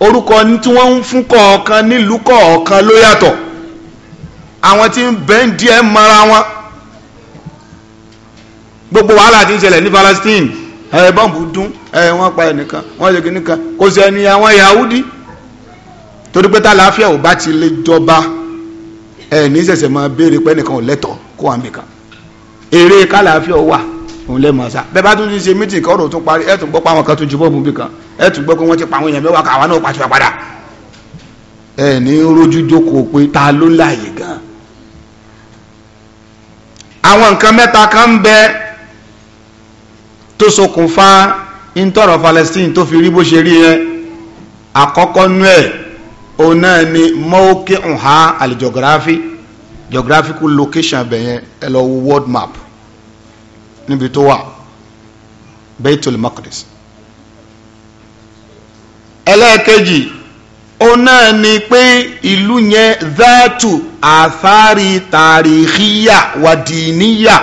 orúkọ tí wọ́n ń fún kọ̀ọ̀kan nílùú kọ̀ọ̀kan ló yàtọ̀ àwọn tí ń bẹ́ẹ̀ díẹ̀ mara wọn gbogbo wàhálà tí ń ṣẹlẹ̀ ní Palestine ẹ bọ́ǹbù dún ẹ wọ́n pa ẹnìkan wọ́n ṣe kìnnìkan kò sí ẹni àwọn Yahudi torí pé tàlàáfíà ò bá ti lè jọba ẹ ní ṣẹ̀ṣẹ̀ máa béèrè pé ẹnìkan ò lẹ́tọ̀ọ́ kó wà nìkan èrè kàlàáfíà wà òun lè mọ̀ ṣá bẹ́ẹ̀ bá tún ti ṣe mítì kọ́rọ̀ tó parí ẹ̀ tún gbọ́ pa àwọn kan tó ju bọ́ọ̀mù bí kan ẹ̀ tún gbọ́ pé wọ́n ti pa àwọn èèyàn mẹ́wàá káwa náà pàṣẹ padà ẹ̀ ní rojú jókòó pé ta ló láàyè gan àwọn nǹkan mẹ́ta kan ń bẹ tó ṣokùnfà ìtọ̀rọ̀ Palestine tó fi rí bó ṣe rí yẹn àkọ́kọ́ nú ẹ̀ òun náà ni mọ́ọ́kì ọ̀hán àlìjọ̀gráfì geographical location bẹ̀yẹn ẹ lọ wo world map níbi tó wà Baitul Maqdis ẹlẹ́ẹ̀kejì ó náà ni pé ìlú yẹn dhatu àfárí tàríhíyà wàdìníyà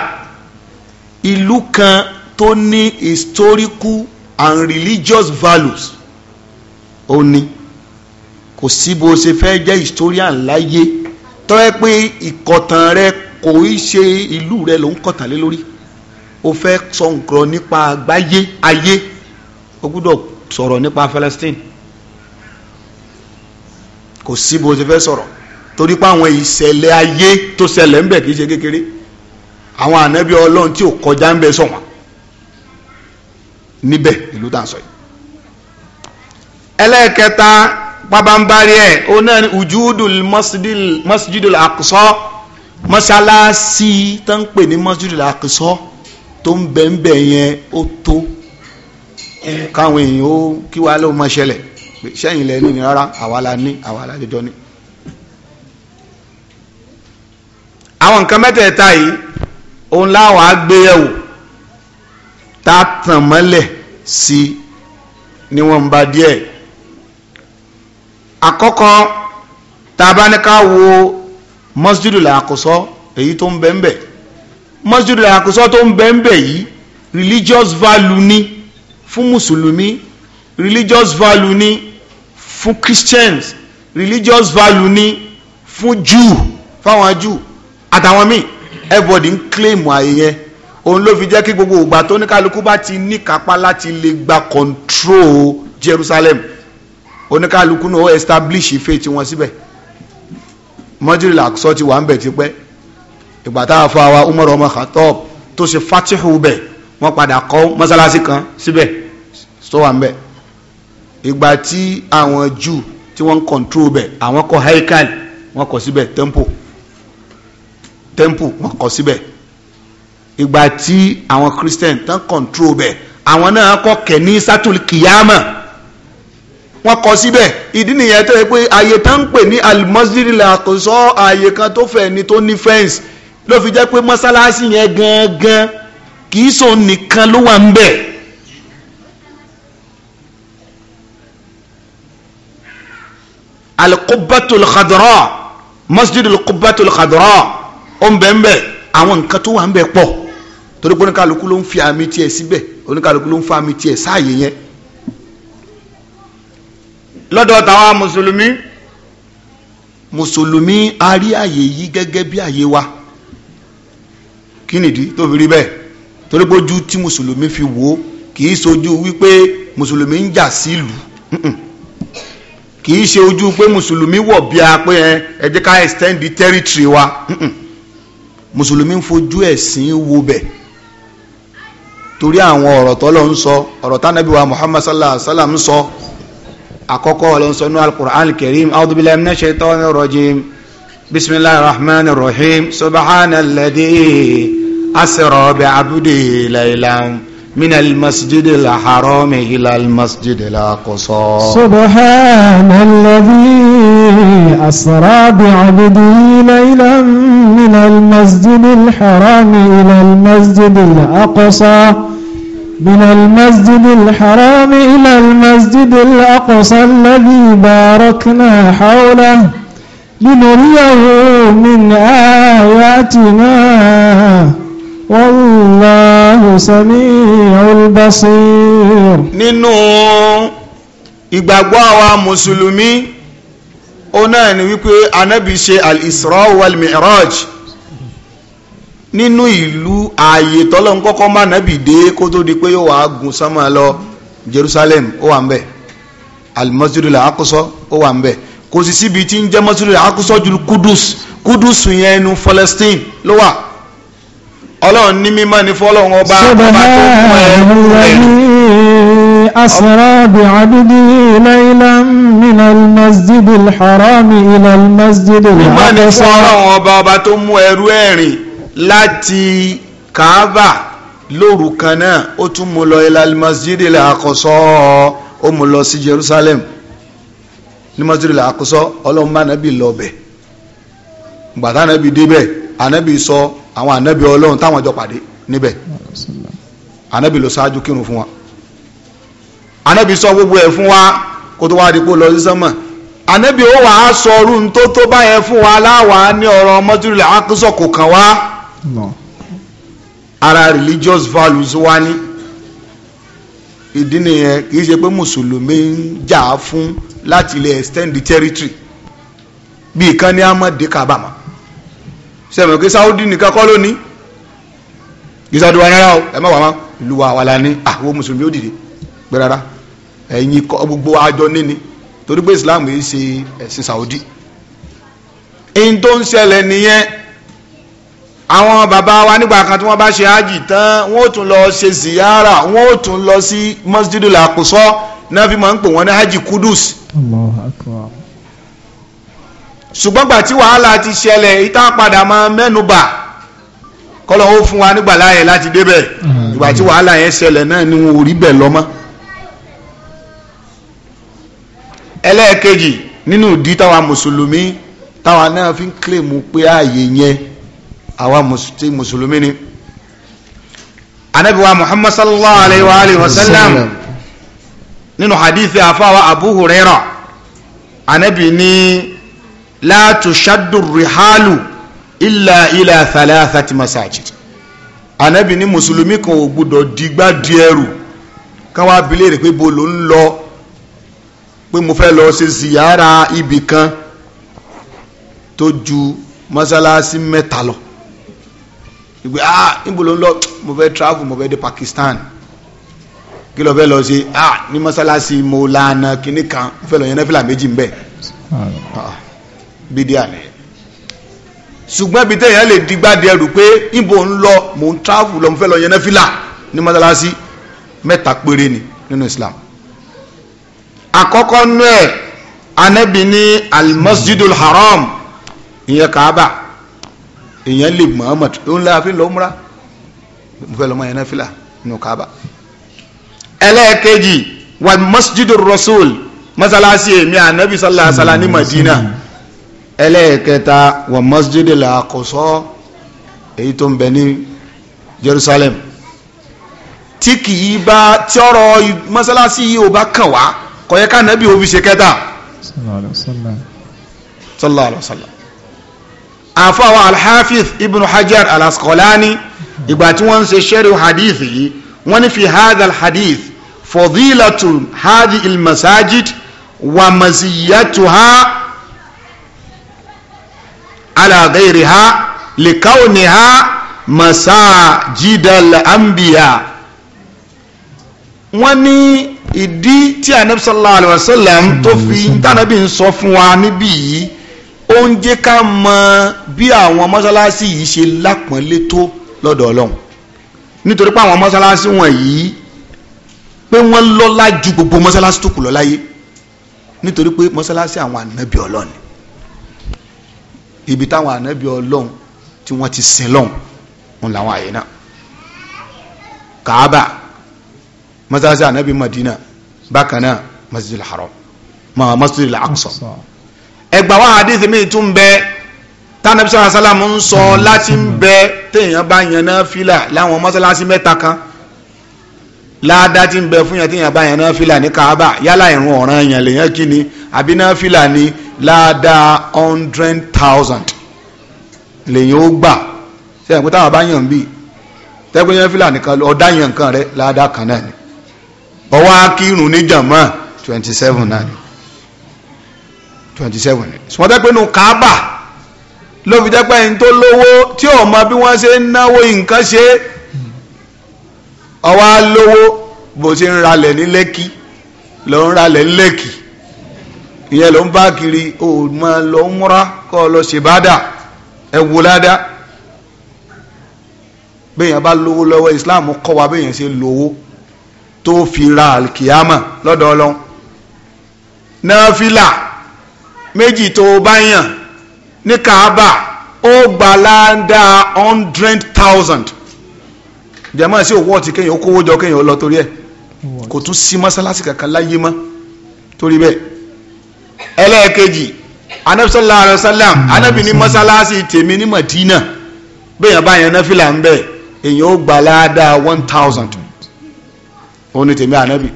ìlú kan tó ní historical and religious values ó ní kò sí bó ṣe fẹ́ jẹ́ historian láyé tọ́ ẹ pé ìkọ̀tàn rẹ kò í ṣe ìlú rẹ ló ń kọ̀tàn lé lórí o fẹ́ sọ nǹkan nípa àgbáyé ayé o gbúdọ̀ sọ̀rọ̀ nípa Palestine kò sí bó ti fẹ́ sọ̀rọ̀ torí pé àwọn ìṣẹ̀lẹ̀ ayé tó ṣẹlẹ̀ ń bẹ kì í ṣe kékeré àwọn ànábì Ọlọ́run tí ò kọjá ń bẹ sọ̀wọ́n níbẹ̀ ìlú tá à ń sọ yìí ẹlẹ́ẹ̀kẹta pabambari ẹ̀ ó náà ní ujúdùl masjidul aqsa mọ́ṣáláṣí tó ń pè ní masjidul aqsa tó ń bẹ ń bẹ yẹn ó tó káwọn èèyàn ó kí wàá ló máa ṣẹlẹ̀ sẹ́yìn lẹ́ni ni rárá àwa la ní àwa la jọjọ ní. àwọn nǹkan mẹ́tẹ̀ẹ̀ta yìí òun láwàá gbéyẹ̀wò tá a tàn mọ́lẹ̀ sí níwọ̀nba díẹ̀ àkọ́kọ́ tá a bá ní ká wo masjidul Aqsa èyí tó ń bẹ ń bẹ masjid al-Aqsa tó ń bẹ ń religious value ni fún mùsùlùmí religious value ni fún christians religious value ni fún jew fáwọn jew àtàwọn míì everybody ń claim ààyè yẹn òun ló fi jẹ́ kí gbogbo ìgbà tó ní kálukú bá ti níkápá láti lè gba control Jerusalem oníkálukú náà ó establish faith wọn síbẹ̀ mọ́jìrìlá sọ ti wà ń bẹ̀ tipẹ́ ìgbà tá a fọ àwa Umar ọmọ Khattab tó ṣe fatihu bẹ̀ wọ́n padà kọ́ mọ́sálásí kan síbẹ̀ tó wà ń bẹ̀ ìgbà tí àwọn Júù tí wọ́n ń kọ̀ntró bẹ̀ àwọn kọ́ haikal wọ́n kọ́ síbẹ̀ temple temple wọ́n kọ́ síbẹ̀ ìgbà tí àwọn Christian tán kọ̀ntró bẹ̀ àwọn náà kọ́ kẹ́ni sátúl kìyàmà wọ́n kọ síbẹ̀ ìdí nìyẹn tó yẹ pé àyè tán ń pè ní al-Masjid àyè kan tó fẹ̀ ni tó ní fẹ́ǹsì ló fi jẹ́ pé mọ́sálásí yẹn gangan kì í sọ nìkan ló wà ń bẹ̀. alikubatul khadra masjid alikubatul khadra ó ń bẹ̀ ń bẹ̀ àwọn nǹkan tó wà ń bẹ̀ pọ̀ torí pé oníkàlùkù ló ń fi àmì tiẹ̀ síbẹ̀ oníkàlùkù ló ń fa àmì tiẹ̀ sáàyè yẹn lọ́dọ̀ tàwa mùsùlùmí mùsùlùmí a rí àyè yìí gẹ́gẹ́ bí àyè wa kí nìdí tó fi rí bẹ́ẹ̀ torí pé ojú tí mùsùlùmí fi wò ó kì í sojú wípé mùsùlùmí ń jà sílùú kì í ṣe ojú pé mùsùlùmí wọ̀ bí a pé ẹ jẹ́ ká extend the territory wa mùsùlùmí ń fojú ẹ̀sìn wo bẹ̀ torí àwọn ọ̀rọ̀ tọ́lọ́ ń sọ ọ̀rọ̀ tánàbí wa Muhammad sallallahu alaihi wa sallam ń sọ àkọ́kọ́ ọlọ́nsọ ní al-Qur'an al-Karim a'udhu billahi minash shaitanir rajim bismillahir rahmanir rahim subhanalladhi. أسرى بعبده ليلا من المسجد الحرام إلى المسجد الأقصى سبحان الذي أسرى بعبده ليلا من المسجد الحرام إلى المسجد الأقصى من المسجد الحرام إلى المسجد الأقصى الذي باركنا حوله لنريه من آياتنا Wallahu sami'ul basir. nínú ìgbàgbọ́ àwa mùsùlùmí ó náà ni wípé anábì ṣe al-isra wal-mi'raj nínú ìlú ààyè tọ́lọ́n kọ́kọ́ má nábì dé kó tó di pé yóò wá gùn sánmà lọ Jerusalem ó wà ń bẹ̀ al-masjidul aqsa ó wà ń bẹ̀ kò sì síbi tí ń jẹ́ masjidul aqsa ju kudus kudus yẹn nu Palestine ló wà ọlọ́run ní mímọ́ ní fọ́lọ́run ọba ọba tó mọ ẹrú rẹ̀. mú ẹrú ẹ̀rìn láti Kaaba lóru kan ó tún mú lọ إلى المسجد الأقصى ó mú lọ sí Jerusalem ní masjid al-Aqsa ọlọ́run má nàbì lọ bẹ̀ gbàtà nàbì débẹ̀ ànàbì sọ. So, àwọn ànábì ọlọ́run táwọn jọ pàdé níbẹ̀ ànábì ló ṣáájú kírun fún wa ànábì sọ gbogbo ẹ̀ fún wa kó tó wá di pò lọ sí sánmọ̀ ànábì ó wà á sọ ọrùn tó tó báyẹn fún wa láwàá ní ọ̀rọ̀ mọ́túrìlẹ̀ àkúsọ̀ kò kàn wá ara religious values wa ní ìdí nìyẹn kì í ṣe pé mùsùlùmí ń jà fún láti lè extend the territory bí ìkan ní amọ̀dé kábàámọ̀ sẹ́mi kí Saudi nìkan kọ́ ló ní ìsọdún wa rárá o ẹ má wà má lu wa wà la ní àwọn ah, mùsùlùmí ó dìde pé rárá ẹ̀yin kọ́ gbogbo àjọ níní torí pé Islam yìí ṣe ẹ̀sìn Saudi in tó ń ṣẹlẹ̀ nìyẹn àwọn bàbá wa nígbà kan tí wọ́n bá ṣe ájì tán wọ́n ó tún lọ ṣe ziyara wọ́n ó tún lọ sí masjidul akusọ náà fi máa ń pè wọ́n ní ájì kudus. Allah akbar ṣùgbọ́n gbà tí wàhálà ti ṣẹlẹ̀ ìta padà máa mẹ́nubà kọ́lọ̀ ó fún wa nígbà láàyè láti débẹ̀ mm-hmm. ìgbà tí wàhálà yẹn ṣẹlẹ̀ náà ni wọn ò rí bẹ̀ lọ́mọ́ ẹlẹ́ẹ̀kejì nínú ìdí táwa mùsùlùmí táwa náà fi ń kílèmù pé ààyè yẹn àwa tí mùsùlùmí ni anabiwa muhammad sallallahu alayhi wa alihi wa sallam nínú hadithi afawa abu huraira anabi ni la tushaddu rihalu illa ila thalathati masajid anabi ni mùsùlùmí kan ò gbúdọ̀ digbá di ẹrù káwá abilé rẹ̀ pé bo ló ń lọ pé mo fẹ́ lọ ṣe ziyara ibì kan tó ju mọ́sálásí mẹ́ta lọ ìgbé ah níbo ló ń lọ mo fẹ́ travel mo fẹ́ dé Pakistan kí ló fẹ́ lọ ṣe ah ní masalasi mo lànà kínní kan mo fẹ́ lọ yẹn náfìlà méjì ń bẹ bídíà ni ṣùgbọ́n ibi tẹ̀yàn lè digbádìí ẹrù pé ibo ń lọ mò ń travel lọ fẹ́ lọ yẹn náfìlà ní mọ́tàlásí mẹ́ta péré ni nínú Islam àkọ́kọ́ nú ẹ̀ Ànábì ní almasjidul haram ìyẹn kaaba ìyẹn lè Muhammad ó ń lọ àfi lọ múra mo fẹ́ lọ mọ yẹn náfìlà nínú kaaba ẹlẹ́ẹ̀kejì wal masjidul rasul mọ́tàlásí èmi Ànábì sallallahu alaihi wasallam ní Madina. Mm -hmm ẹlẹ́ẹ̀kẹta wà masjidil Aqsa èyí tó ń bẹ ní Jerusalem tí kìí bá tí ọ̀rọ̀ mọ́sálásí yìí ò bá kàn wá kò yẹ ká nàbí òbí ṣe kẹta sallallahu alaihi wasallam àfọwọ́ alhafiz ibn hajar alaskolani ìgbà tí wọ́n ń ṣe ṣẹ́rí hadith yìí wọ́n ní fi hadha alhadith fadilatu hadhi ilmasajid wa maziyatuha ala ghayriha likawniha masajidal anbiya wọ́n ní ìdí tí anabi sallallahu alayhi wa sallam tó fi mm-hmm. tànàbí ń sọ fún wa níbí yìí ó ń jẹ́ ká mọ bí àwọn mọ́sálásí yìí ṣe lápọ́nlé tó lọ́dọ̀ ọlọ́run nítorí pé àwọn mọ́sálásí wọ̀nyí pé wọ́n lọ́lá ju gbogbo mọ́sálásí tó kù lọ nítorí pé mọ́sálásí àwọn ànábì ọlọ́run ibi táwọn ànábì ọlọ́run tí wọ́n ti sin lọ́hùn ń làwọn àyè náà kaaba masalasi ànábì madina bákan náà masjid al-haram ma masjid al-aqsa ẹgbà wa hadith mi tún bẹ tánàbí sọ́ra sálàmù ń sọ láti ń bẹ téèyàn bá yàn náà fílà láwọn masalasi mẹ́ta kan láàdá tí ń bẹ fún yàn tí yàn bá yàn náfìlà ní kaaba yálà ìrun ọ̀ràn yàn lèyàn kí ni àbí náfìlà ní láàdá hundred thousand lèyàn ó gbà ṣe ẹ̀kú táwọn bá yàn bí tẹ́gbẹ́ náfìlà nìkan ọ̀dá yàn kan rẹ láàdá kan náà ni ọwọ́ akírun ní jàmọ́ twenty seven náà ni twenty seven ni sọmọdé pé nu kaaba ló fi jẹ́ pé ẹni tó lówó tí ò bí wọ́n ṣe náwó nǹkan ṣe é ọwọ́ alówó bó ti ń ralẹ̀ ní lẹ́kì ló ń ralẹ̀ ní lẹ́kì ìyẹn ló ń bá kiri ó máa lọ ń múra kọ́ ọ lọ ṣèbádà ẹ wò ládàá bẹ́yàn bá lówó lọ́wọ́ Islam kọ́ wa bẹ́yàn ṣe lówó tó fi ra alkiyama lọ́dọ̀ ọlọ́run náfìlà méjì tó bá yàn ní kaaba ó gbà láńdá hundred thousand jàmáà sí òwò ọtí kéèyàn ó kówó jọ kéèyàn ó lọ torí ẹ kò tún sí mọ́sálásí kankan láyé mọ́ torí bẹ́ẹ̀ ẹlẹ́ẹ̀kejì anabi sallallahu alayhi wa sallam anabi mm-hmm. ní mọ́sálásí tèmi ní madina bẹ́ẹ̀ yẹn báyẹn ń bẹ̀ èèyàn ó gbà láàdá one thousand òun ni tèmi anabi.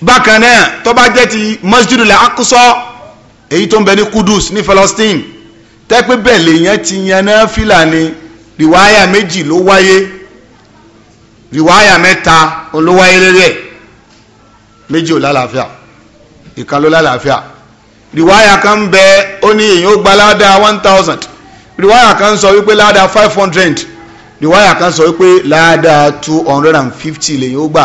bákan náà tó bá jẹ́ ti masjidul aqsa èyí tó ń bẹ ní kudus ní Palestine tẹ́pẹ́ bẹ́ẹ̀ lèèyàn ti yan náà fìlàní rìwáyà méjì ló wáyé rìwáyà mẹ́ta ló wáyé lérí ẹ̀ méjì ò lálàáfíà ìkan ló lálàáfíà rìwáyà kan ń bẹ ó ní èyàn ó gba ládàá one thousand rìwáyà kan sọ wípé ládàá five hundred rìwáyà kan sọ wípé ládàá two hundred and fifty lèyàn ó gbà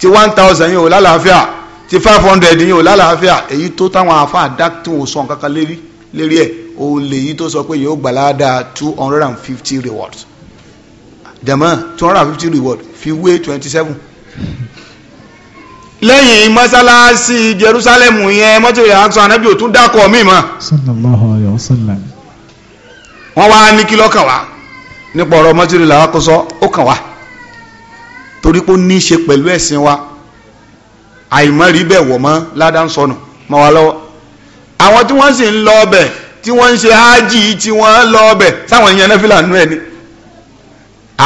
ti one thousand yìí ò lálàáfíà ti five hundred yìí ò lálàáfíà èyí tó táwọn afa àdá tó sọ nǹkan kan lérí lérí ẹ̀ olè yìí tó sọ pé yóò gbà ládàá two hundred and fifty reward. jama two hundred and fifty reward. fi wé twenty seven lẹ́yìn mọ́sálásí Jerusalem yẹn mọ́tò ìyàtọ̀ anábì ò tún dákọ̀ mí mọ́. sallallahu alayhi wa sallam. wọ́n wá ní kí lọ́kàn wá nípa ọ̀rọ̀ mọ́tò ìlà àkọsọ ó kàn wá torí pé ó ní í ṣe pẹ̀lú ẹ̀sìn wa àìmọ́ rí bẹ́ẹ̀ wọ̀ mọ́ ládàá ń sọnù mọ́ wa lọ́wọ́ àwọn tí wọ́n sì ń lọ ọbẹ̀ tí wọ́n ń ṣe ájì tí wọ́n lọ ọbẹ̀ sáwọn èèyàn nẹ́fìlà nú ẹni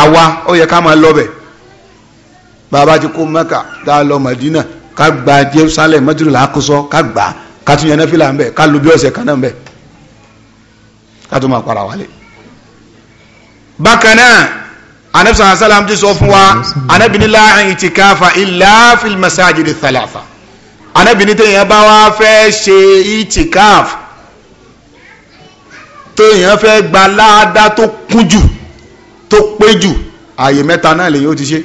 àwa ó yẹ ká máa lọ́bẹ̀ bàbá ti kó mẹ́kà tá a lọ màdínà ká gba Jerusalem mẹ́tìrì làákùsọ ká gbà ká tún yẹn nẹ́fìlà ńbẹ ká lu bí ọ̀sẹ̀ kan náà ńbẹ ká tó máa para wálé. bákan náà anabi sàn sálàm ti sọ fún wa anabi ní láàrin ìtìkáfà ìlà fil masajidi thalatha anabi ní tẹ̀yìn bá wa fẹ́ ṣe ìtìkáfà téèyàn fẹ́ gba láàdá tó kún jù tó pé jù ààyè mẹ́ta náà lèyìn ó ti ṣe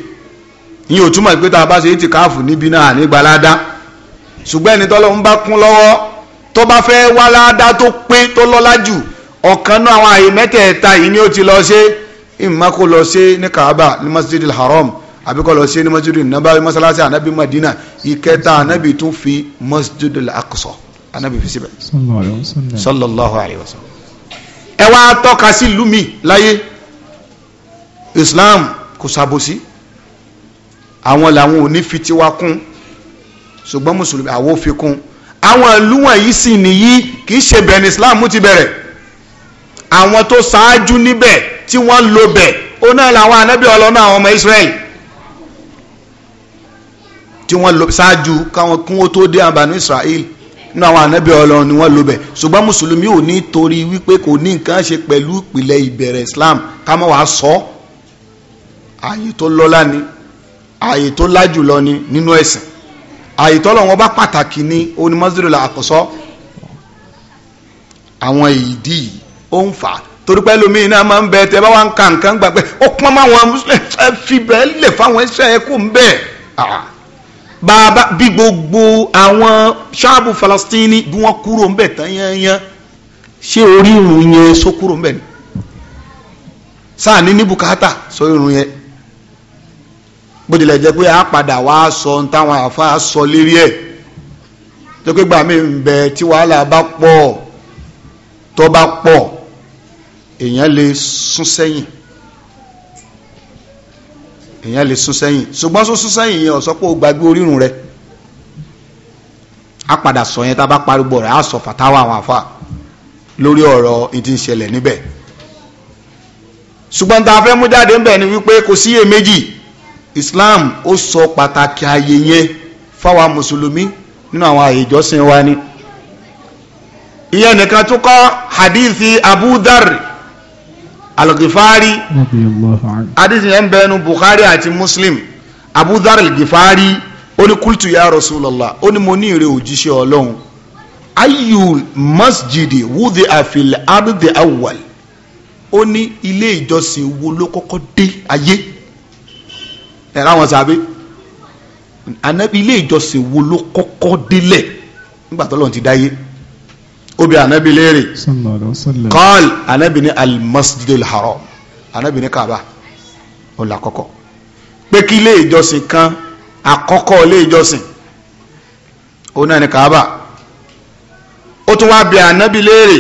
ìyẹn túmọ̀ pé bá ṣe ìtìkáàfù níbi náà ní gba ṣùgbọ́n ẹni tọ́lọ́ ń bá kún lọ́wọ́ tó bá fẹ́ wá láàdá tó pé tó lọ́lá jù ọ̀kan náà àwọn ààyè mẹ́tẹ̀ẹ̀ta yìí ni ó ti lọ ṣe ìmọ̀ kó lọ ṣe ní kaaba ní masjid al àbí kó lọ ṣe ní masjid nabawi masalasi anabi madina ìkẹta anabi tún fi masjid al anabi fi síbẹ̀ sallallahu alayhi wa sallam ẹ wá tọ́ka sí ìlú láyé Islam kò ṣàbòsí àwọn làwọn ò ní fi tiwa kún ṣùgbọ́n mùsùlùmí àwọn ò fi kún àwọn ìlú wọ̀nyí sì nìyí kì í ṣe bẹ̀rẹ̀ Islam ti bẹ̀rẹ̀ àwọn tó ṣáájú níbẹ̀ tí wọ́n lò bẹ̀ ó náà làwọn anábì ọlọ́nà àwọn ọmọ Israel tí wọ́n lò ṣáájú káwọn kún ó tó dé àbànú Israel nínú àwọn ànábì Ọlọ́run ni wọ́n lò bẹ̀ ṣùgbọ́n mùsùlùmí ò ní torí wípé kò ní nǹkan ṣe pẹ̀lú ìpìlẹ̀ ìbẹ̀rẹ̀ Islam ká má wàá sọ ààyè tó lọ́lá ni ààyè tó lájùlọ ni nínú ẹ̀sìn ààyè tọ́lọ̀ wọn bá pàtàkì ni onímọ̀sídìrìlà àkọ́sọ́ àwọn ìdí yìí ó ń fà á torí pé lómi iná máa ń bẹ tẹ bá wà ń ka nǹkan gbà ó pọ́n máa wọn fi bẹ́ẹ̀ lè fáwọn ẹ̀ṣẹ̀ ẹ̀ kó ń bẹ́ẹ̀ bàbá bí gbogbo àwọn ṣáàbù falastini bí wọ́n kúrò ń bẹ̀ tán yányán ṣé orí irun yẹn só kúrò ń bẹ̀ ni sáàní ní bùkátà sọ irun yẹn bó tilẹ̀ pé a padà wá sọ ní táwọn àáfàá sọ lérí ẹ̀ tó gbà mí ń bẹ tí wàhálà bá pọ̀ tó bá pọ̀ èèyàn lè sún sẹ́yìn èèyàn lè sún sẹ́yìn ṣùgbọ́n sún sẹ́yìn yẹn ọ̀sọ́ pé ó gbàgbé orírun rẹ̀ á padà sọ yẹn tá a bá pariwo rẹ̀ á sọ fàtáwà àwọn àfa lórí ọ̀rọ̀ ìdí ìṣẹ̀lẹ̀ níbẹ̀ ṣùgbọ́n tá a fẹ́ mú jáde ńbẹ̀ ni wípé kò sí iyèméjì Islam ó sọ pàtàkì ààyè yẹn fáwa mùsùlùmí nínú àwọn ààyè ìjọsìn wa ni ìyẹn nìkan tó kọ́ hadithi Abu Dharr algifari adisi yẹn bẹnu bukhari àti muslim abu dhar algifari ó ní kultu ya rasulallah ó ní mo ní ìrè òjíṣẹ́ ọlọ́run ayu masjidi wudi afil ardi awal ó ní ilé ìjọsìn wo ló kọ́kọ́ dé ayé ẹ̀rọ àwọn sàbẹ̀ anabi ilé ìjọsìn wo ló kọ́kọ́ délẹ̀ nígbà tó lọ́n ti dáyé ó bi anabi léèrè kọ́ọ̀l anabi ní almasjidul haram anabi ní kaaba ọ̀là àkọ́kọ́ pé kí ilé ìjọsìn kan àkọ́kọ́ ilé ìjọsìn ó náà ní kaaba ó tún wá bi anabi léèrè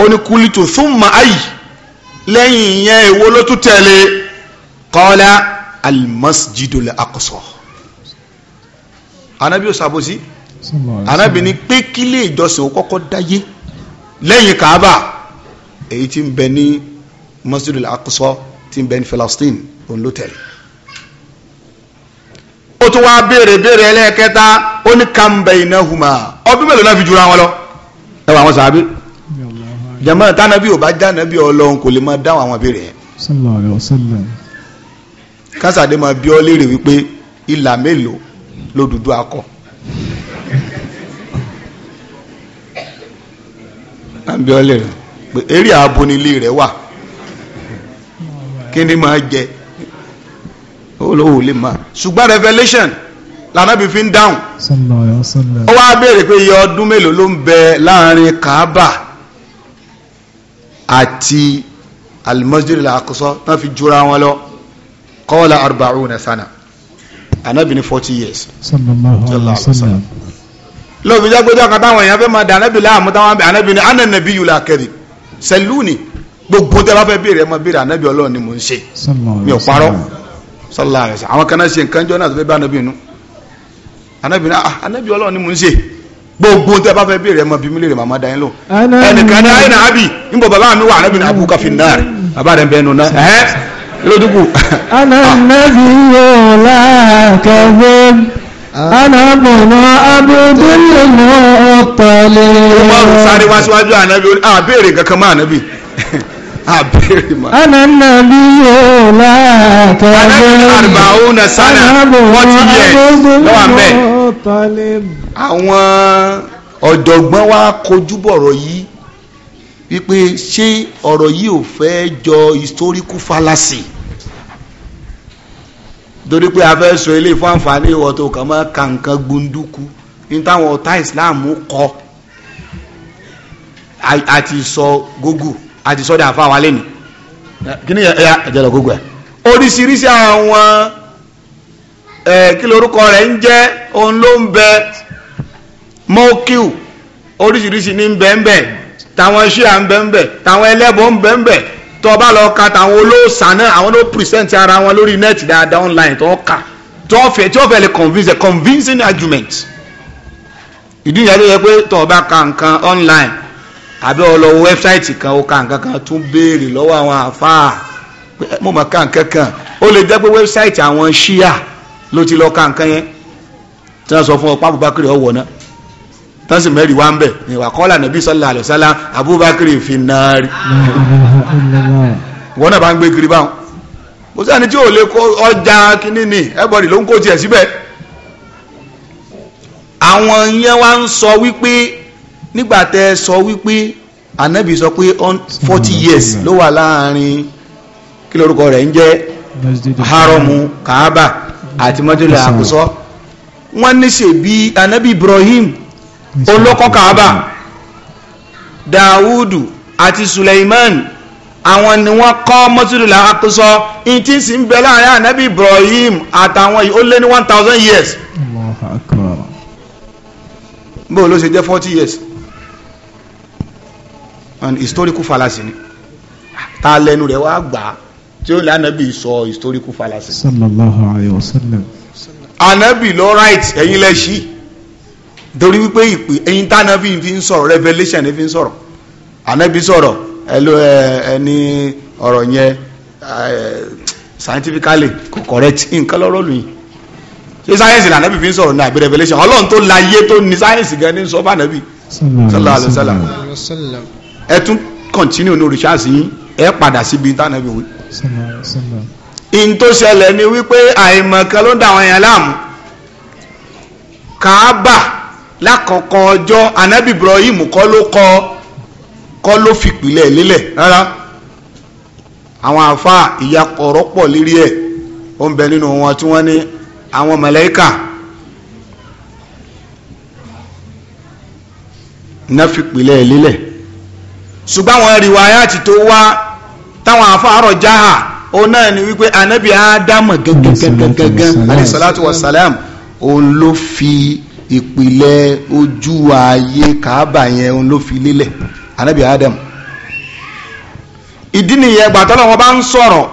ó ní kúlítù thumma ayi lẹ́yìn ìyẹn èwo ló tún tẹ̀lé kọ́ọ̀lá almasjidul aqsa anabi ó sàbòsí. Si? arábìnrin pé kí ilé ìjọsìn ó kọ́kọ́ dáyé lẹ́yìn kaaba èyí tí ń bẹ ní masjidul aqsa tí ń bẹ ní Palestine òun ló tẹ̀lé ó tún wá béèrè béèrè ẹlẹ́ẹ̀kẹta ó ní kàmbẹ̀ iná huma ọdún mélòó náà fi jura wọn lọ ẹ wà wọn sàbí jama tánàbí ò bá jánàbí ọlọ́run kò lè máa dáhùn àwọn béèrè yẹn sallallahu máa bí ọ léèrè wípé ìlà mélòó lódùdú akọ àbíọ́lẹ̀ rẹ̀ pé eré ààbò rẹ̀ wà kí ni máa jẹ olówó lè máa ṣùgbọ́n revelation lànàbí fi ń dáhùn ó wá béèrè pé iye ọdún mélòó ló ń bẹ láàrin kaaba àti almasjid al-aqsa fi jura wọn lọ kọ́wọ́lá arba'una sana anabi ní forty years. sallallahu alayhi wa lóòfin jágbéjọ́ kan táwọn èèyàn fẹ́ máa dà anábì láàmú táwọn àbẹ̀ ní ananabi yìí làkẹ́rì sẹ́lúùnì gbogbo tẹ́ fẹ́ béèrè ẹ máa béèrè anábì ọlọ́run ni mò ń ṣe mi ò parọ́ sọlá rẹ̀ àwọn kan náà ṣe nǹkan jọ náà tó fẹ́ bá anábì nu anábì ah, ní anábì ọlọ́run ni mò ń ṣe gbogbo tẹ́ bá fẹ́ béèrè ẹ máa bí mi léèrè màmá dání lò ẹnìkan ní àyìnà yóò lákẹ́wé ana mọ̀nà abúdúlé mọ́ ọ̀pọ̀lẹ̀. ó máa ń sáré wá síwájú ànábì àbèrè kankan máa ànábì *laughs* àbèrè máa. ana nàbí yóò láàtọ̀ lé. ànábì àrùbá òun náà sánà forty years lọ́wọ́ àmẹ́. àwọn ọ̀jọ̀gbọ́n wa kojú bọ̀rọ̀ yìí wípé ṣé ọ̀rọ̀ yìí ò fẹ́ jọ historical fallacy torí pé a fẹ́ sọ ilé fún àǹfààní ìwọ tó kàn máa ka nǹkan gbunduku ní táwọn ọ̀tá Islam kọ àti sọ gógù àti sọ́dọ̀ àfáwà lẹ́nu kí ni ẹ̀yà ẹ̀jẹ̀lọ̀ gógù ẹ̀ oríṣiríṣi àwọn ẹ̀ kí lorúkọ rẹ̀ ń jẹ́ òun ló ń bẹ mọ́kíù oríṣiríṣi ní ń bẹ ń táwọn ṣíà ń bẹ ń táwọn ẹlẹ́bọ ń bẹ ń tó bá lọ ka tàwọn olóòsà náà àwọn ló present ara wọn lórí net dáadáa online tó kà tó fẹ́ tí ó fẹ́ lè convince convincing argument ìdí ìyá ló yẹ pé tó bá ka nǹkan online àbí ó lọ wẹ́bsáìtì kan ó ka nǹkan kan tún béèrè lọ́wọ́ àwọn àfáà mo mọ̀ ká nǹkan kan ó lè jẹ́ pé wẹ́bsáìtì àwọn ṣíà ló ti lọ ka nǹkan yẹn tí wọ́n sọ fún ọ pápá ọ̀wọ̀ náà tọ́sí mẹ́rin wá ń bẹ̀ ìwà kọ́lá nàbí sallallahu alaihi wasallam abubakar fi náàrí wọ́n náà bá ń gbé kiri báwọn kò sí àní tí ò lè kó ọjà kínní ni everybody ló ń kó tiẹ̀ síbẹ̀ àwọn yẹn wá ń sọ wípé nígbà tẹ́ sọ wípé anabi sọ pé forty mm-hmm. years ló wà láàrin kí lórúkọ rẹ̀ ń jẹ́ haramu kaaba àti mọ́tòlá àkùsọ́ wọ́n ní ṣe bí anabi ibrahim olókọ́ kaaba dawudu àti suleiman àwọn ni wọ́n kọ́ mọ́tòdìlá akóso ìtì sì ń bẹ láàrin anabi ibrahim àtàwọn ó lé ní one thousand years. bó ló ṣe jẹ́ forty years an historical fallacy ni ta lẹnu rẹ̀ wá gbà á tí ó lé anabi sọ historical fallacy. sallallahu alayhi wa sallam. anabi ló right ẹ̀yin lẹ́sìn torí wípé ìpè ẹyin tánà fi fi ń sọ̀rọ̀ revelation fi ń sọ̀rọ̀ ànábi sọ̀rọ̀ ẹlò ẹni ọ̀rọ̀ yẹn scientifically kò correct nǹkan lọ́rọ̀ lóyìn ṣé sáyẹ́nsì lànàbì fi ń sọ̀rọ̀ ní àbí revelation ọlọ́run tó láyé tó ní sáyẹ́nsì gan ní sọ́fà nàbì sallallahu alaihi wasallam ẹ tún continue ní òrìṣàsí yín ẹ padà síbi tánàbì wí. in tó ṣẹlẹ̀ ni wípé àìmọ̀kan ló ń da àwọn èèyàn láàmú kàábà lákọ̀ọ̀kan ọjọ́ anabi ibrahim kọ́ ló kọ́ kọ́ ló fìpìlẹ̀ lélẹ̀ rárá àwọn àáfàá ìyapọ̀ ọ̀rọ̀ pọ̀ lérí ẹ̀ ó ń bẹ nínú wọn tí wọ́n ní àwọn màláíkà ná fìpìlẹ̀ lélẹ̀ ṣùgbọ́n àwọn rìwáyàtì tó wá táwọn àáfàá rọ̀ jáhà òun náà ni wípé anabi adamu gẹ́gẹ́gẹ́gẹ́gẹ́ alayhi salatu wa salam òun ló fi ìpìlẹ̀ ojú ààyè kàábà yẹn ló fi lélẹ̀ anábì adam ìdí nìyẹn gbàtọ́ lọ́wọ́ bá ń sọ̀rọ̀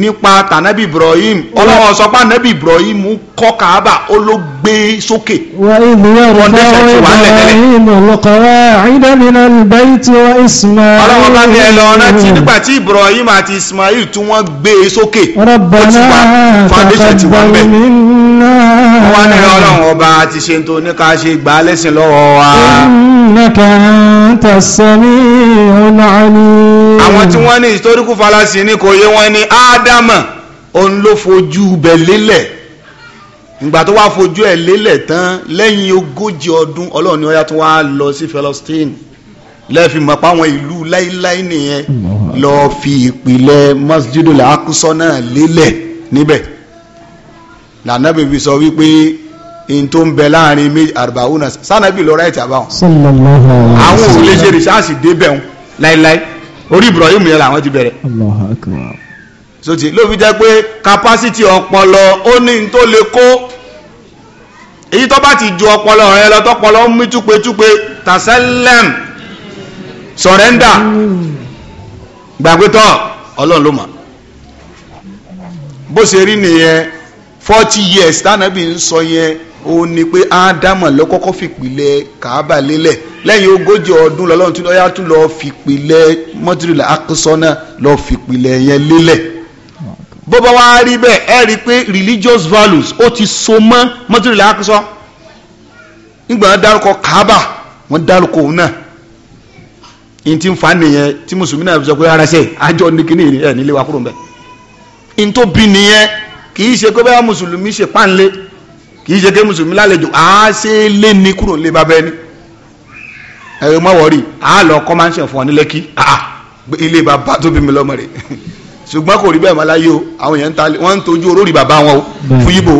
nípa tànábì ibrahim ọlọ́wọ́ sọ pé ànábì ibrahim kọ́ kàábà ó ló gbé sókè. wà á ìlú ẹ̀rọ náà ibrahim olùkọ́wá àìdánilá ìbáyìí tí ismail. ọlọ́wọ́ bá ní ẹ lọ rántí nígbà tí ibrahim àti ismail tí wọ́n gbé e sókè. ó ti wá foundation ti wá ń bẹ̀ náà. wọ́n ní ọlọ́run ọba ti ṣe tó ní ká ṣe gbà á lẹ́sìn lọ́wọ́ wa. innaka anta sami'ul alim. àwọn tí wọ́n ní historical fallacy ní kò yé wọ́n ní ádámà òun ló fojú bẹ̀ lélẹ̀ ìgbà tó wá fojú ẹ̀ lélẹ̀ tán lẹ́yìn ogójì ọdún ọlọ́run ni ọyá tó wá lọ sí Palestine lẹ́ẹ̀fi mọ̀ páwọn ìlú láíláí nìyẹn lọ́ọ́ fi ìpìlẹ̀ Masjidul Aqsa náà lélẹ̀ níbẹ̀ lànàbì fi sọ wípé in tó ń bẹ láàrin méjì àrùbáwùnà sànàbì lọ ráìtì àbáwọn. àwọn ò lè ṣe rìsáàsì débẹ̀ wọn láíláí orí Ibrahim yẹn làwọn ti bẹ̀rẹ̀. sotí ló fi jẹ́ pé capacity ọpọlọ ó ní n tó lè kó èyí tó bá ti ju ọpọlọ rẹ lọ tọpọlọ ń mí túpetúpe tasẹlẹm sọrẹ́ndà gbàgbétọ̀ ọlọ́run ló mọ̀ bó ṣe rí nìyẹn forty years tánàbí ń sọ yẹn ó ní pé ádámà ló kọ́kọ́ fìpìlẹ̀ kàábà lélẹ̀ lẹ́yìn ogójì ọdún lọ́lọ́run tí lọ́yà tún lọ́ọ́ fìpìlẹ̀ mọ́tìrìlá akínsọ́nà lọ́ọ́ fìpìlẹ̀ yẹn lélẹ̀ bó bá wá rí bẹ́ẹ̀ ẹ rí i pé religious values ó ti so mọ́ mọ́tìrìlá akínsọ́ nígbà wọn dárúkọ kàábà wọn dárúkọ òun náà n ti fa nìyẹn tí mùsùlùmí náà sọ pé ara ṣe àjọ nìkíní ẹ̀ nílé wa kúrò ń bẹ̀ n tó bí nìyẹn kì í ṣe pé bẹ́ẹ̀ mùsùlùmí ṣe páńlé kì í ṣe pé mùsùlùmí lálejò á ṣe é lé ní kúrò lé bàbá ẹni ẹ̀rọ mọ́wọ́rì á lọ kọ́ máa ń ṣe fún ọ ní lẹ́kí ilé bàbá tó bí mi lọ́mọ rẹ̀ *laughs* ṣùgbọ́n kò rí bẹ́ẹ̀ mọ́ láyé o àwọn èèyàn ń ta wọ́n ń tọ́jú olórí bàbá wọn o fún yíbo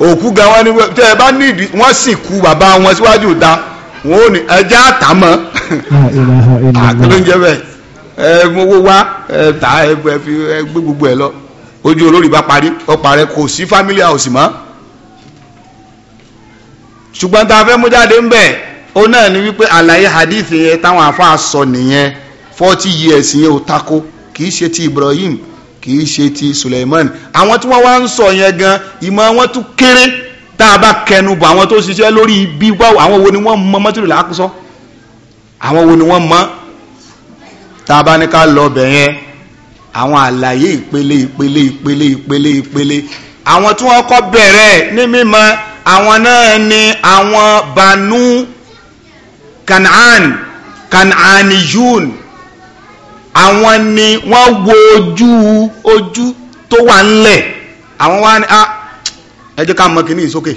*laughs* òkú gan wọn ni tẹ ẹ bá ní ìdí wọn sì kú bàbá wọn síwájú ìta wọn ò ní ẹjẹ àtàmọ́ àkìlóúnjẹ bẹ́ẹ̀ ẹ mowó wá ẹ ta gbé gbogbo ẹ lọ ojú olórí bá parí ọ̀pá rẹ kò sí family house mọ́ ṣùgbọ́n tá fẹ́ mú jáde ń bẹ̀ ó náà ni wípé àlàyé hadith yẹn táwọn afáà sọ nìyẹn forty years yẹn ò tako kì í ṣe ti Ibrahim kì í ṣe ti Suleiman àwọn tí wọ́n wá ń sọ yẹn gan ìmọ̀ wọn tún kéré tá a bá kẹnu bọ̀ àwọn tó ṣiṣẹ́ lórí ibi wá àwọn wo ni wọ́n mọ mọ́tòrò làákùsọ́ àwọn wo ni wọ́n mọ tá a bá ní ká lọ bẹ̀ yẹn àwọn àlàyé ìpele ìpele ìpele ìpele ìpele àwọn tí wọ́n kọ́ bẹ̀rẹ̀ ní mímọ̀ àwọn náà ni àwọn banu kanaan kanaaniyun àwọn ni wọ́n wo ojú ojú tó wà ńlẹ̀ àwọn wá ní a ah, ẹ jẹ́ ká mọ kíní ìsókè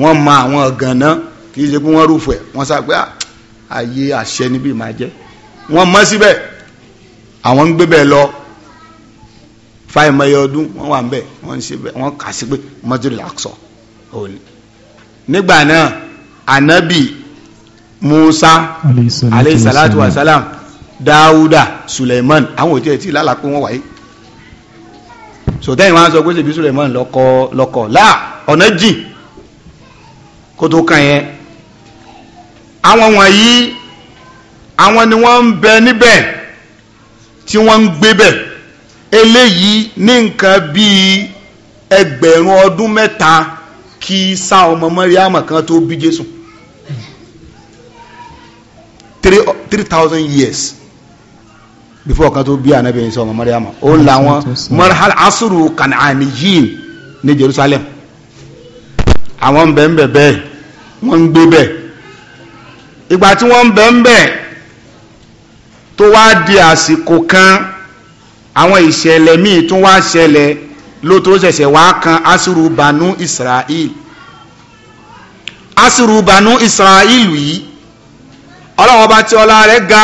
wọ́n mọ àwọn ọ̀gànná kì í ṣe pé wọ́n rúfẹ́ wọ́n sá pé ah ayé àṣẹ níbí máa jẹ́ wọ́n mọ́ síbẹ̀ àwọn ń gbé bẹ́ẹ̀ lọ fáìmọye ọdún wọ́n wà ń bẹ̀ wọ́n ń ṣe bẹ́ẹ̀ wọ́n kà sí pé mọ́tòrì àkọsọ òní. nígbà náà anabi musa aleyhi salatu wa salam dawuda suleiman àwọn òtí ẹ̀ tí lálàá pé wọ́n wáyé sòtẹ́yìn wọn sọ pé ṣèbí suleiman lọ́kọ lọ́kọ láà ọ̀nà jìn kó kàn yẹn àwọn wọ̀nyí àwọn ni wọ́n ń bẹ níbẹ̀ tí wọ́n ń gbé bẹ̀ eléyìí ní nǹkan bíi ẹgbẹ̀rún ọdún mẹ́ta kí sá ọmọ mọ́ríàmà kan tó bí jésù three thousand years before kan tó bí anabi ẹ̀yìn sọ ọmọ mọ́ríàmà ó làwọn marhal asuru kanaaniyin ní jerusalem àwọn ń bẹ ń bẹ bẹ́ẹ̀ wọ́n ń gbé bẹ́ẹ̀ ìgbà tí wọ́n ń bẹ̀ ń bẹ̀ tó wá di àsìkò kan àwọn ìṣẹ̀lẹ̀ míì tún wá ṣẹlẹ̀ ló tó ṣẹ̀ṣẹ̀ wá kan asuru banu israel asuru banu israel yìí ọlọ́wọ́n bá tí ọlá rẹ̀ ga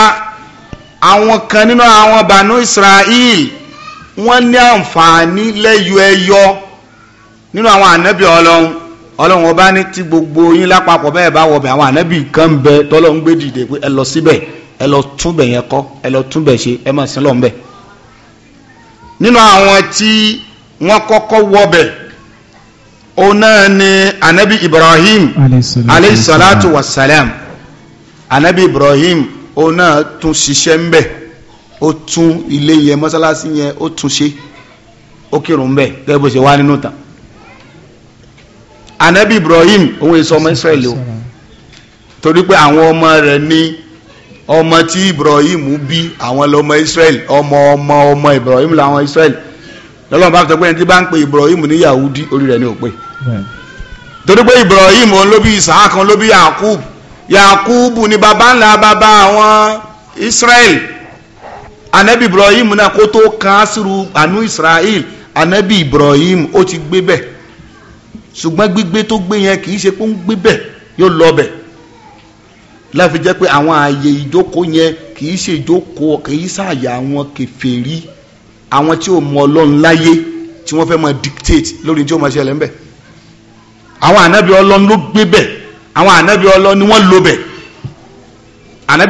àwọn kan nínú àwọn banu israel wọ́n ní àǹfààní lẹ́yọ ẹyọ nínú àwọn ànábì ọlọ́run ọlọ́run ọba ní tí gbogbo yín lápapọ̀ bẹ́ẹ̀ bá wọ̀ bẹ̀ àwọn ànábì kan ń bẹ tọ́lọ́ ń gbé dìde pé ẹ lọ síbẹ̀ ẹ lọ túbẹ̀ yẹn kọ́ ẹ lọ túbẹ̀ ṣe ẹ mọ̀ sí lọ́n nínú àwọn tí wọ́n kọ́kọ́ wọ òun náà ni ànábì Ibrahim aleyhisalatu wasalam ànábì Ibrahim òun náà tún ṣiṣẹ́ ń bẹ̀ ó tún ilé yẹn mọ́sálásí yẹn ó tún ṣe ó kírun ń bẹ̀ gẹ́gẹ́ bó ṣe wá nínú tán anabi ibrahim òun èso ọmọ israẹli o torí pé àwọn ọmọ rẹ̀ ní ọmọ tí ibrahim bí àwọn lọmọ israẹli ọmọ ọmọ ọmọ ibrahim làwọn israẹli lọ́lọ́mọ bá fi tọ́pẹ́ ẹni tí bá ń pe ibrahim ní yahudi orí rẹ̀ ní òpè torí pé ibrahim òun ló bí isaac òun ló bí yakub yakub ni baba ńlá baba àwọn israẹli anabi ibrahim náà kó tó kan á sírù àánú israẹli anabi ibrahim ó ti gbé bẹ́ẹ̀ ṣùgbọ́n gbígbé tó gbé yẹn kì í ṣe pé ń gbé bẹ̀ yóò lọ bẹ̀ láfi jẹ́ pé àwọn ààyè ìjókòó yẹn kì í ṣe ìjókòó kì í ṣàyà àwọn kèfèrí àwọn tí ò mọ ọlọ́run láyé tí wọ́n fẹ́ máa dictate lórí tí ó máa ṣẹlẹ̀ ń bẹ̀ àwọn ànábì ọlọ́run ló gbé bẹ̀ àwọn ànábì ọlọ́run ni wọ́n lò bẹ̀